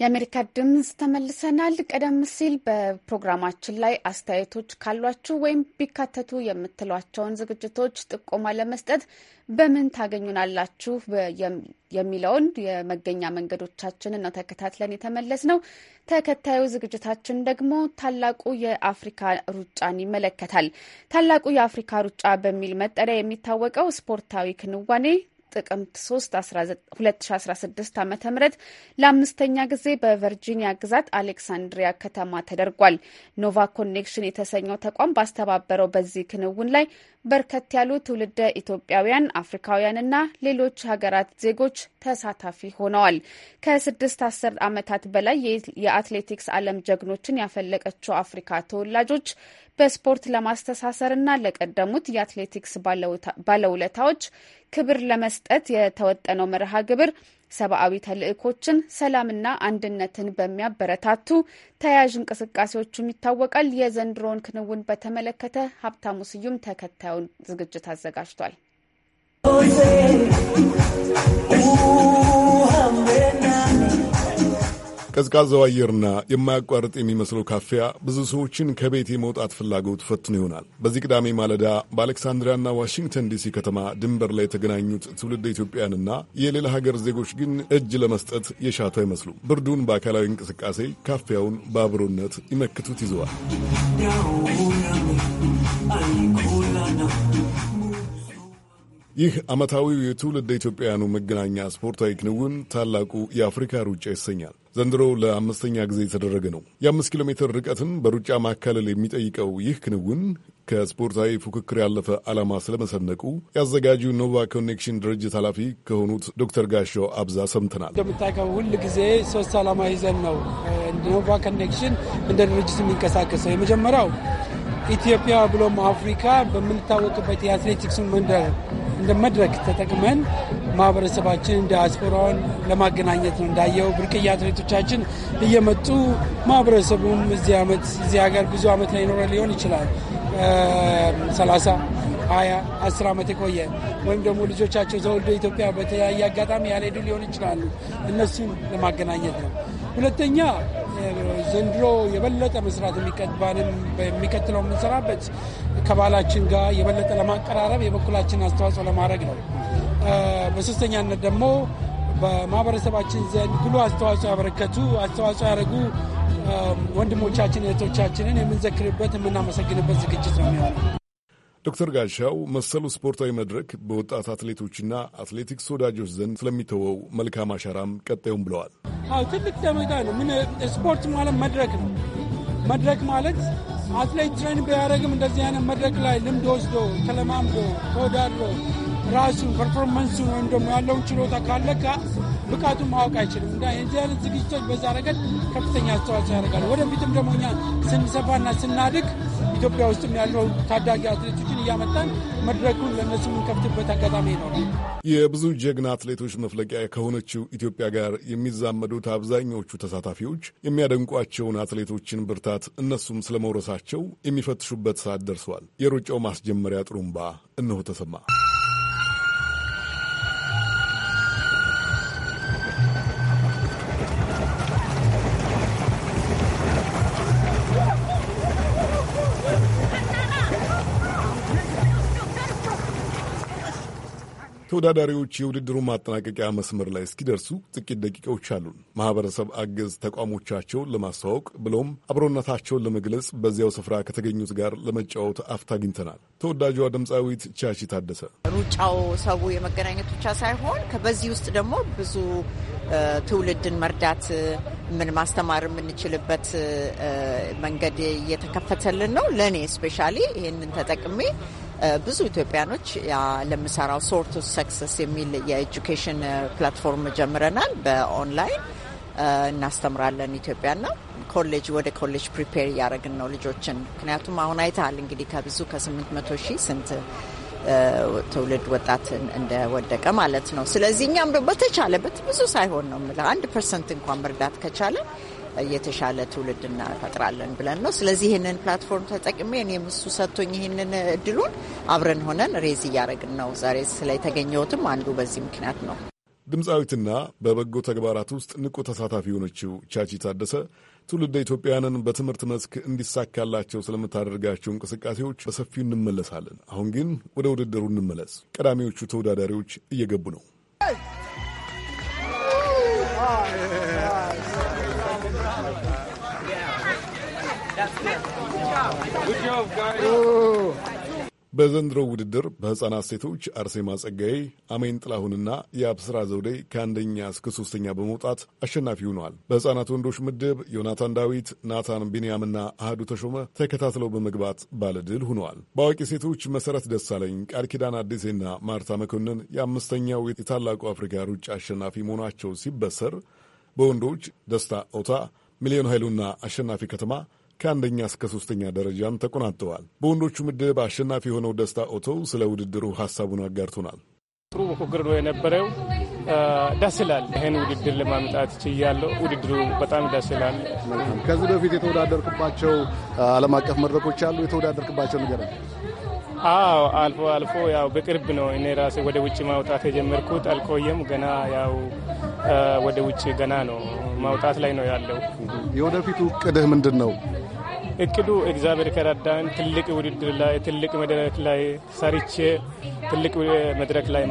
የአሜሪካ ድምፅ ተመልሰናል። ቀደም ሲል በፕሮግራማችን ላይ አስተያየቶች ካሏችሁ ወይም ቢካተቱ የምትሏቸውን ዝግጅቶች ጥቆማ ለመስጠት በምን ታገኙናላችሁ የሚለውን የመገኛ መንገዶቻችንን ነው ተከታትለን የተመለስ ነው። ተከታዩ ዝግጅታችን ደግሞ ታላቁ የአፍሪካ ሩጫን ይመለከታል። ታላቁ የአፍሪካ ሩጫ በሚል መጠሪያ የሚታወቀው ስፖርታዊ ክንዋኔ ጥቅምት 3 2016 ዓ ም ለአምስተኛ ጊዜ በቨርጂኒያ ግዛት አሌክሳንድሪያ ከተማ ተደርጓል። ኖቫ ኮኔክሽን የተሰኘው ተቋም ባስተባበረው በዚህ ክንውን ላይ በርከት ያሉ ትውልደ ኢትዮጵያውያን፣ አፍሪካውያንና ሌሎች ሀገራት ዜጎች ተሳታፊ ሆነዋል። ከስድስት አስር ዓመታት በላይ የአትሌቲክስ ዓለም ጀግኖችን ያፈለቀችው አፍሪካ ተወላጆች በስፖርት ለማስተሳሰርና ለቀደሙት የአትሌቲክስ ባለውለታዎች ክብር ለመስጠት የተወጠነው መርሃ ግብር ሰብአዊ ተልእኮችን፣ ሰላምና አንድነትን በሚያበረታቱ ተያያዥ እንቅስቃሴዎችም ይታወቃል። የዘንድሮውን ክንውን በተመለከተ ሀብታሙ ስዩም ተከታዩን ዝግጅት አዘጋጅቷል። ቀዝቃዛው አየርና የማያቋርጥ የሚመስለው ካፊያ ብዙ ሰዎችን ከቤት የመውጣት ፍላጎት ፈትኖ ይሆናል። በዚህ ቅዳሜ ማለዳ በአሌክሳንድሪያና ዋሽንግተን ዲሲ ከተማ ድንበር ላይ የተገናኙት ትውልደ ኢትዮጵያንና የሌላ ሀገር ዜጎች ግን እጅ ለመስጠት የሻቱ አይመስሉም። ብርዱን በአካላዊ እንቅስቃሴ፣ ካፊያውን በአብሮነት ይመክቱት ይዘዋል። ይህ ዓመታዊው የትውልድ ኢትዮጵያውያኑ መገናኛ ስፖርታዊ ክንውን ታላቁ የአፍሪካ ሩጫ ይሰኛል። ዘንድሮ ለአምስተኛ ጊዜ የተደረገ ነው። የአምስት ኪሎ ሜትር ርቀትን በሩጫ ማካለል የሚጠይቀው ይህ ክንውን ከስፖርታዊ ፉክክር ያለፈ ዓላማ ስለመሰነቁ ያዘጋጁ ኖቫ ኮኔክሽን ድርጅት ኃላፊ ከሆኑት ዶክተር ጋሻው አብዛ ሰምተናል። እንደምታውቀው ሁል ጊዜ ሶስት ዓላማ ይዘን ነው ኖቫ ኮኔክሽን እንደ ድርጅት የሚንቀሳቀሰው። የመጀመሪያው ኢትዮጵያ ብሎም አፍሪካ በምንታወቅበት የአትሌቲክስ መንደር እንደ መድረክ ተጠቅመን ማህበረሰባችን ዲያስፖራውን ለማገናኘት ነው። እንዳየው ብርቅዬ አትሌቶቻችን እየመጡ ማህበረሰቡም እዚህ ዓመት እዚህ ሀገር ብዙ ዓመት ላይ ሊሆን ይችላል ሰላሳ ሀያ አስር ዓመት የቆየ ወይም ደግሞ ልጆቻቸው ተወልዶ ኢትዮጵያ በተለያየ አጋጣሚ ያልሄዱ ሊሆን ይችላሉ። እነሱን ለማገናኘት ነው። ሁለተኛ ዘንድሮ የበለጠ መስራት የሚቀባንም በሚቀጥለው የምንሰራበት ከባህላችን ጋር የበለጠ ለማቀራረብ የበኩላችን አስተዋጽኦ ለማድረግ ነው። በሶስተኛነት ደግሞ በማህበረሰባችን ዘንድ ጉልህ አስተዋጽኦ ያበረከቱ አስተዋጽኦ ያደረጉ ወንድሞቻችን እህቶቻችንን የምንዘክርበት የምናመሰግንበት ዝግጅት ነው የሚሆነው። ዶክተር ጋሻው መሰሉ ስፖርታዊ መድረክ በወጣት አትሌቶችና አትሌቲክስ ወዳጆች ዘንድ ስለሚተወው መልካም አሻራም ቀጣዩም ብለዋል። አዎ ትልቅ ደመታ ነው። ምን ስፖርት ማለት መድረክ ነው። መድረክ ማለት አትሌት ትሬን ቢያደረግም እንደዚህ አይነት መድረክ ላይ ልምድ ወስዶ ተለማምዶ ተወዳድሮ ራሱ ፐርፎርማንሱን ወይም ደግሞ ያለውን ችሎታ ካለካ ብቃቱን ማወቅ አይችልም እና የዚህ አይነት ዝግጅቶች በዛ ረገድ ከፍተኛ አስተዋጽኦ ያደርጋል። ወደፊትም ደግሞ እኛ ስንሰፋና ስናድግ ኢትዮጵያ ውስጥም ያለው ታዳጊ አትሌቶችን እያመጣን መድረኩን ለእነሱ የምንከፍትበት አጋጣሚ ይኖራል። የብዙ ጀግና አትሌቶች መፍለቂያ ከሆነችው ኢትዮጵያ ጋር የሚዛመዱት አብዛኛዎቹ ተሳታፊዎች የሚያደንቋቸውን አትሌቶችን ብርታት እነሱም ስለመውረሳቸው የሚፈትሹበት ሰዓት ደርሰዋል። የሩጫው ማስጀመሪያ ጥሩምባ እነሆ ተሰማ። ተወዳዳሪዎች የውድድሩ ማጠናቀቂያ መስመር ላይ እስኪደርሱ ጥቂት ደቂቃዎች አሉን። ማህበረሰብ አገዝ ተቋሞቻቸውን ለማስተዋወቅ ብሎም አብሮነታቸውን ለመግለጽ በዚያው ስፍራ ከተገኙት ጋር ለመጫወት አፍታ አግኝተናል። ተወዳጇ ድምፃዊት ቻቺ ታደሰ ሩጫው ሰው የመገናኘት ብቻ ሳይሆን በዚህ ውስጥ ደግሞ ብዙ ትውልድን መርዳት ምን ማስተማር የምንችልበት መንገድ እየተከፈተልን ነው። ለእኔ ስፔሻሊ ይህንን ተጠቅሜ ብዙ ኢትዮጵያኖች ለምሰራው ሶርት ሰክሰስ የሚል የኤጁኬሽን ፕላትፎርም ጀምረናል። በኦንላይን እናስተምራለን። ኢትዮጵያና ኮሌጅ ወደ ኮሌጅ ፕሪፔር እያደረግን ነው ልጆችን። ምክንያቱም አሁን አይተሃል እንግዲህ ከብዙ ከስምንት መቶ ሺህ ስንት ትውልድ ወጣት እንደወደቀ ማለት ነው። ስለዚህ እኛም በተቻለበት ብዙ ሳይሆን ነው የምልህ አንድ ፐርሰንት እንኳን መርዳት ከቻለ የተሻለ ትውልድ እናፈጥራለን ብለን ነው። ስለዚህ ይህንን ፕላትፎርም ተጠቅሜ እኔም እሱ ሰጥቶኝ ይህንን እድሉን አብረን ሆነን ሬዝ እያደረግን ነው። ዛሬ ስለተገኘሁትም አንዱ በዚህ ምክንያት ነው። ድምፃዊትና በበጎ ተግባራት ውስጥ ንቁ ተሳታፊ የሆነችው ቻቺ ታደሰ ትውልደ ኢትዮጵያውያንን በትምህርት መስክ እንዲሳካላቸው ስለምታደርጋቸው እንቅስቃሴዎች በሰፊው እንመለሳለን። አሁን ግን ወደ ውድድሩ እንመለስ። ቀዳሚዎቹ ተወዳዳሪዎች እየገቡ ነው። በዘንድሮ ውድድር በሕፃናት ሴቶች አርሴማ ጸጋዬ፣ አሜን ጥላሁንና የአብስራ ዘውዴ ከአንደኛ እስከ ሶስተኛ በመውጣት አሸናፊ ሆነዋል። በሕፃናት ወንዶች ምድብ ዮናታን ዳዊት፣ ናታን ቢንያምና አህዱ ተሾመ ተከታትለው በመግባት ባለድል ሆነዋል። በአዋቂ ሴቶች መሠረት ደሳለኝ፣ ቃል ኪዳን አዲሴና ማርታ መኮንን የአምስተኛው የታላቁ አፍሪካ ሩጫ አሸናፊ መሆናቸው ሲበሰር፣ በወንዶች ደስታ ኦታ፣ ሚሊዮን ኃይሉና አሸናፊ ከተማ ከአንደኛ እስከ ሶስተኛ ደረጃን ተቆናጥተዋል። በወንዶቹ ምድብ አሸናፊ የሆነው ደስታ ኦቶ ስለ ውድድሩ ሀሳቡን አጋርቶናል። ጥሩ ፉክክር ነው የነበረው። ደስ ይላል። ይህን ውድድር ለማምጣት ችያለሁ። ውድድሩ በጣም ደስ ይላል። ከዚህ በፊት የተወዳደርክባቸው ዓለም አቀፍ መድረኮች አሉ? የተወዳደርክባቸው ነገር አዎ፣ አልፎ አልፎ ያው በቅርብ ነው እኔ ራሴ ወደ ውጭ ማውጣት የጀመርኩት። አልቆየም ገና ያው ወደ ውጭ ገና ነው ማውጣት ላይ ነው ያለው። የወደፊቱ እቅድህ ምንድን ነው? እቅዱ እግዚአብሔር ከረዳን ትልቅ ውድድር ላይ ትልቅ መድረክ ላይ ሰርቼ ትልቅ መድረክ ላይ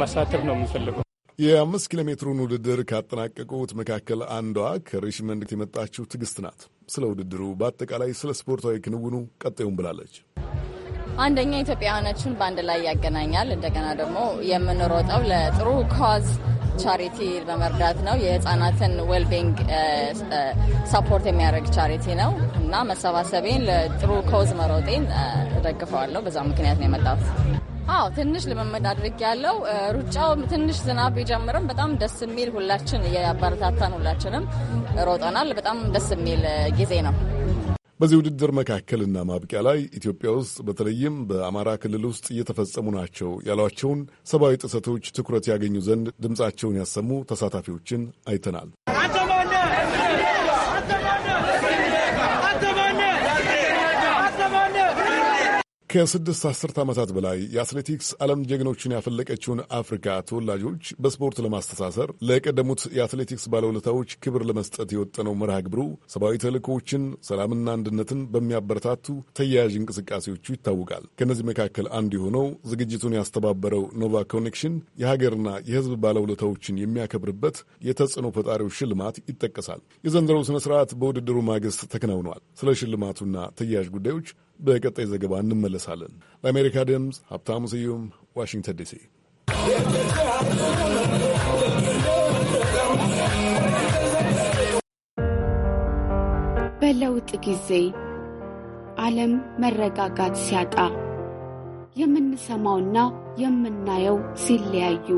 መሳተፍ ነው የምፈልገው። የአምስት ኪሎ ሜትሩን ውድድር ካጠናቀቁት መካከል አንዷ ከሪሽመንድ የመጣችው ትግስት ናት። ስለ ውድድሩ፣ በአጠቃላይ ስለ ስፖርታዊ ክንውኑ ቀጣዩን ብላለች። አንደኛ ኢትዮጵያውያኖችን በአንድ ላይ ያገናኛል። እንደገና ደግሞ የምንሮጠው ለጥሩ ካዝ ቻሪቲ በመርዳት ነው። የህጻናትን ዌልቢንግ ሰፖርት የሚያደርግ ቻሪቲ ነው እና መሰባሰቤን ለጥሩ ኮዝ መሮጤን እደግፈዋለሁ። በዛ ምክንያት ነው የመጣሁት። አዎ ትንሽ ልምምድ አድርግ ያለው ሩጫው ትንሽ ዝናብ ቢጀምርም በጣም ደስ የሚል ሁላችን እያበረታታን ሁላችንም ሮጠናል። በጣም ደስ የሚል ጊዜ ነው። በዚህ ውድድር መካከልና ማብቂያ ላይ ኢትዮጵያ ውስጥ በተለይም በአማራ ክልል ውስጥ እየተፈጸሙ ናቸው ያሏቸውን ሰብአዊ ጥሰቶች ትኩረት ያገኙ ዘንድ ድምፃቸውን ያሰሙ ተሳታፊዎችን አይተናል። ከስድስት አስርት ዓመታት በላይ የአትሌቲክስ ዓለም ጀግኖችን ያፈለቀችውን አፍሪካ ተወላጆች በስፖርት ለማስተሳሰር ለቀደሙት የአትሌቲክስ ባለውለታዎች ክብር ለመስጠት የወጠነው መርሃ ግብሩ ሰብአዊ ተልእኮዎችን፣ ሰላምና አንድነትን በሚያበረታቱ ተያያዥ እንቅስቃሴዎቹ ይታወቃል። ከእነዚህ መካከል አንዱ የሆነው ዝግጅቱን ያስተባበረው ኖቫ ኮኔክሽን የሀገርና የሕዝብ ባለውለታዎችን የሚያከብርበት የተጽዕኖ ፈጣሪዎች ሽልማት ይጠቀሳል። የዘንድሮው ስነ ስርዓት በውድድሩ ማግስት ተከናውኗል። ስለ ሽልማቱና ተያያዥ ጉዳዮች በቀጣይ ዘገባ እንመለሳለን። ለአሜሪካ ድምፅ ሀብታሙ ስዩም ዋሽንግተን ዲሲ። በለውጥ ጊዜ ዓለም መረጋጋት ሲያጣ የምንሰማውና የምናየው ሲለያዩ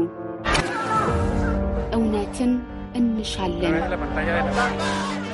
እውነትን እንሻለን።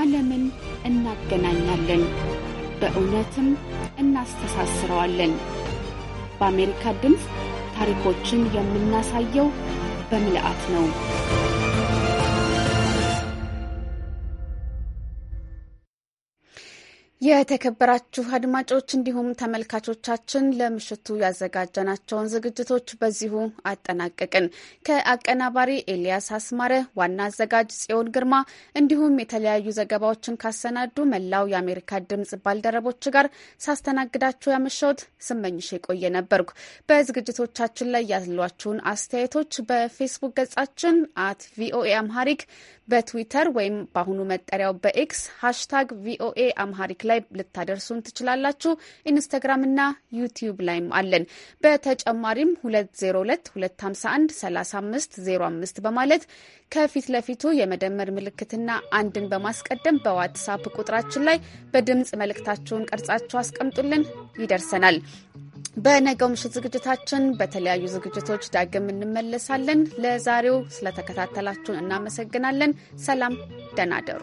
ዓለምን እናገናኛለን፣ በእውነትም እናስተሳስረዋለን። በአሜሪካ ድምፅ ታሪኮችን የምናሳየው በምልአት ነው። የተከበራችሁ አድማጮች እንዲሁም ተመልካቾቻችን ለምሽቱ ያዘጋጀናቸውን ዝግጅቶች በዚሁ አጠናቀቅን። ከአቀናባሪ ኤልያስ አስማረ፣ ዋና አዘጋጅ ጽዮን ግርማ እንዲሁም የተለያዩ ዘገባዎችን ካሰናዱ መላው የአሜሪካ ድምጽ ባልደረቦች ጋር ሳስተናግዳችሁ ያመሸሁት ስመኝሽ የቆየ ነበርኩ። በዝግጅቶቻችን ላይ ያሏችሁን አስተያየቶች በፌስቡክ ገጻችን አት ቪኦኤ አምሃሪክ በትዊተር ወይም በአሁኑ መጠሪያው በኤክስ ሃሽታግ ቪኦኤ አምሃሪክ ላይ ላይ ልታደርሱን ትችላላችሁ። ኢንስተግራም ዩቲዩብ ላይም አለን። በተጨማሪም 2022513505 በማለት ከፊት ለፊቱ የመደመር ምልክትና አንድን በማስቀደም በዋትሳፕ ቁጥራችን ላይ በድምፅ መልእክታችሁን ቀርጻችሁ አስቀምጡልን፣ ይደርሰናል። በነገው ምሽት ዝግጅታችን በተለያዩ ዝግጅቶች ዳግም እንመለሳለን። ለዛሬው ስለተከታተላችሁን እናመሰግናለን። ሰላም፣ ደህና ደሩ።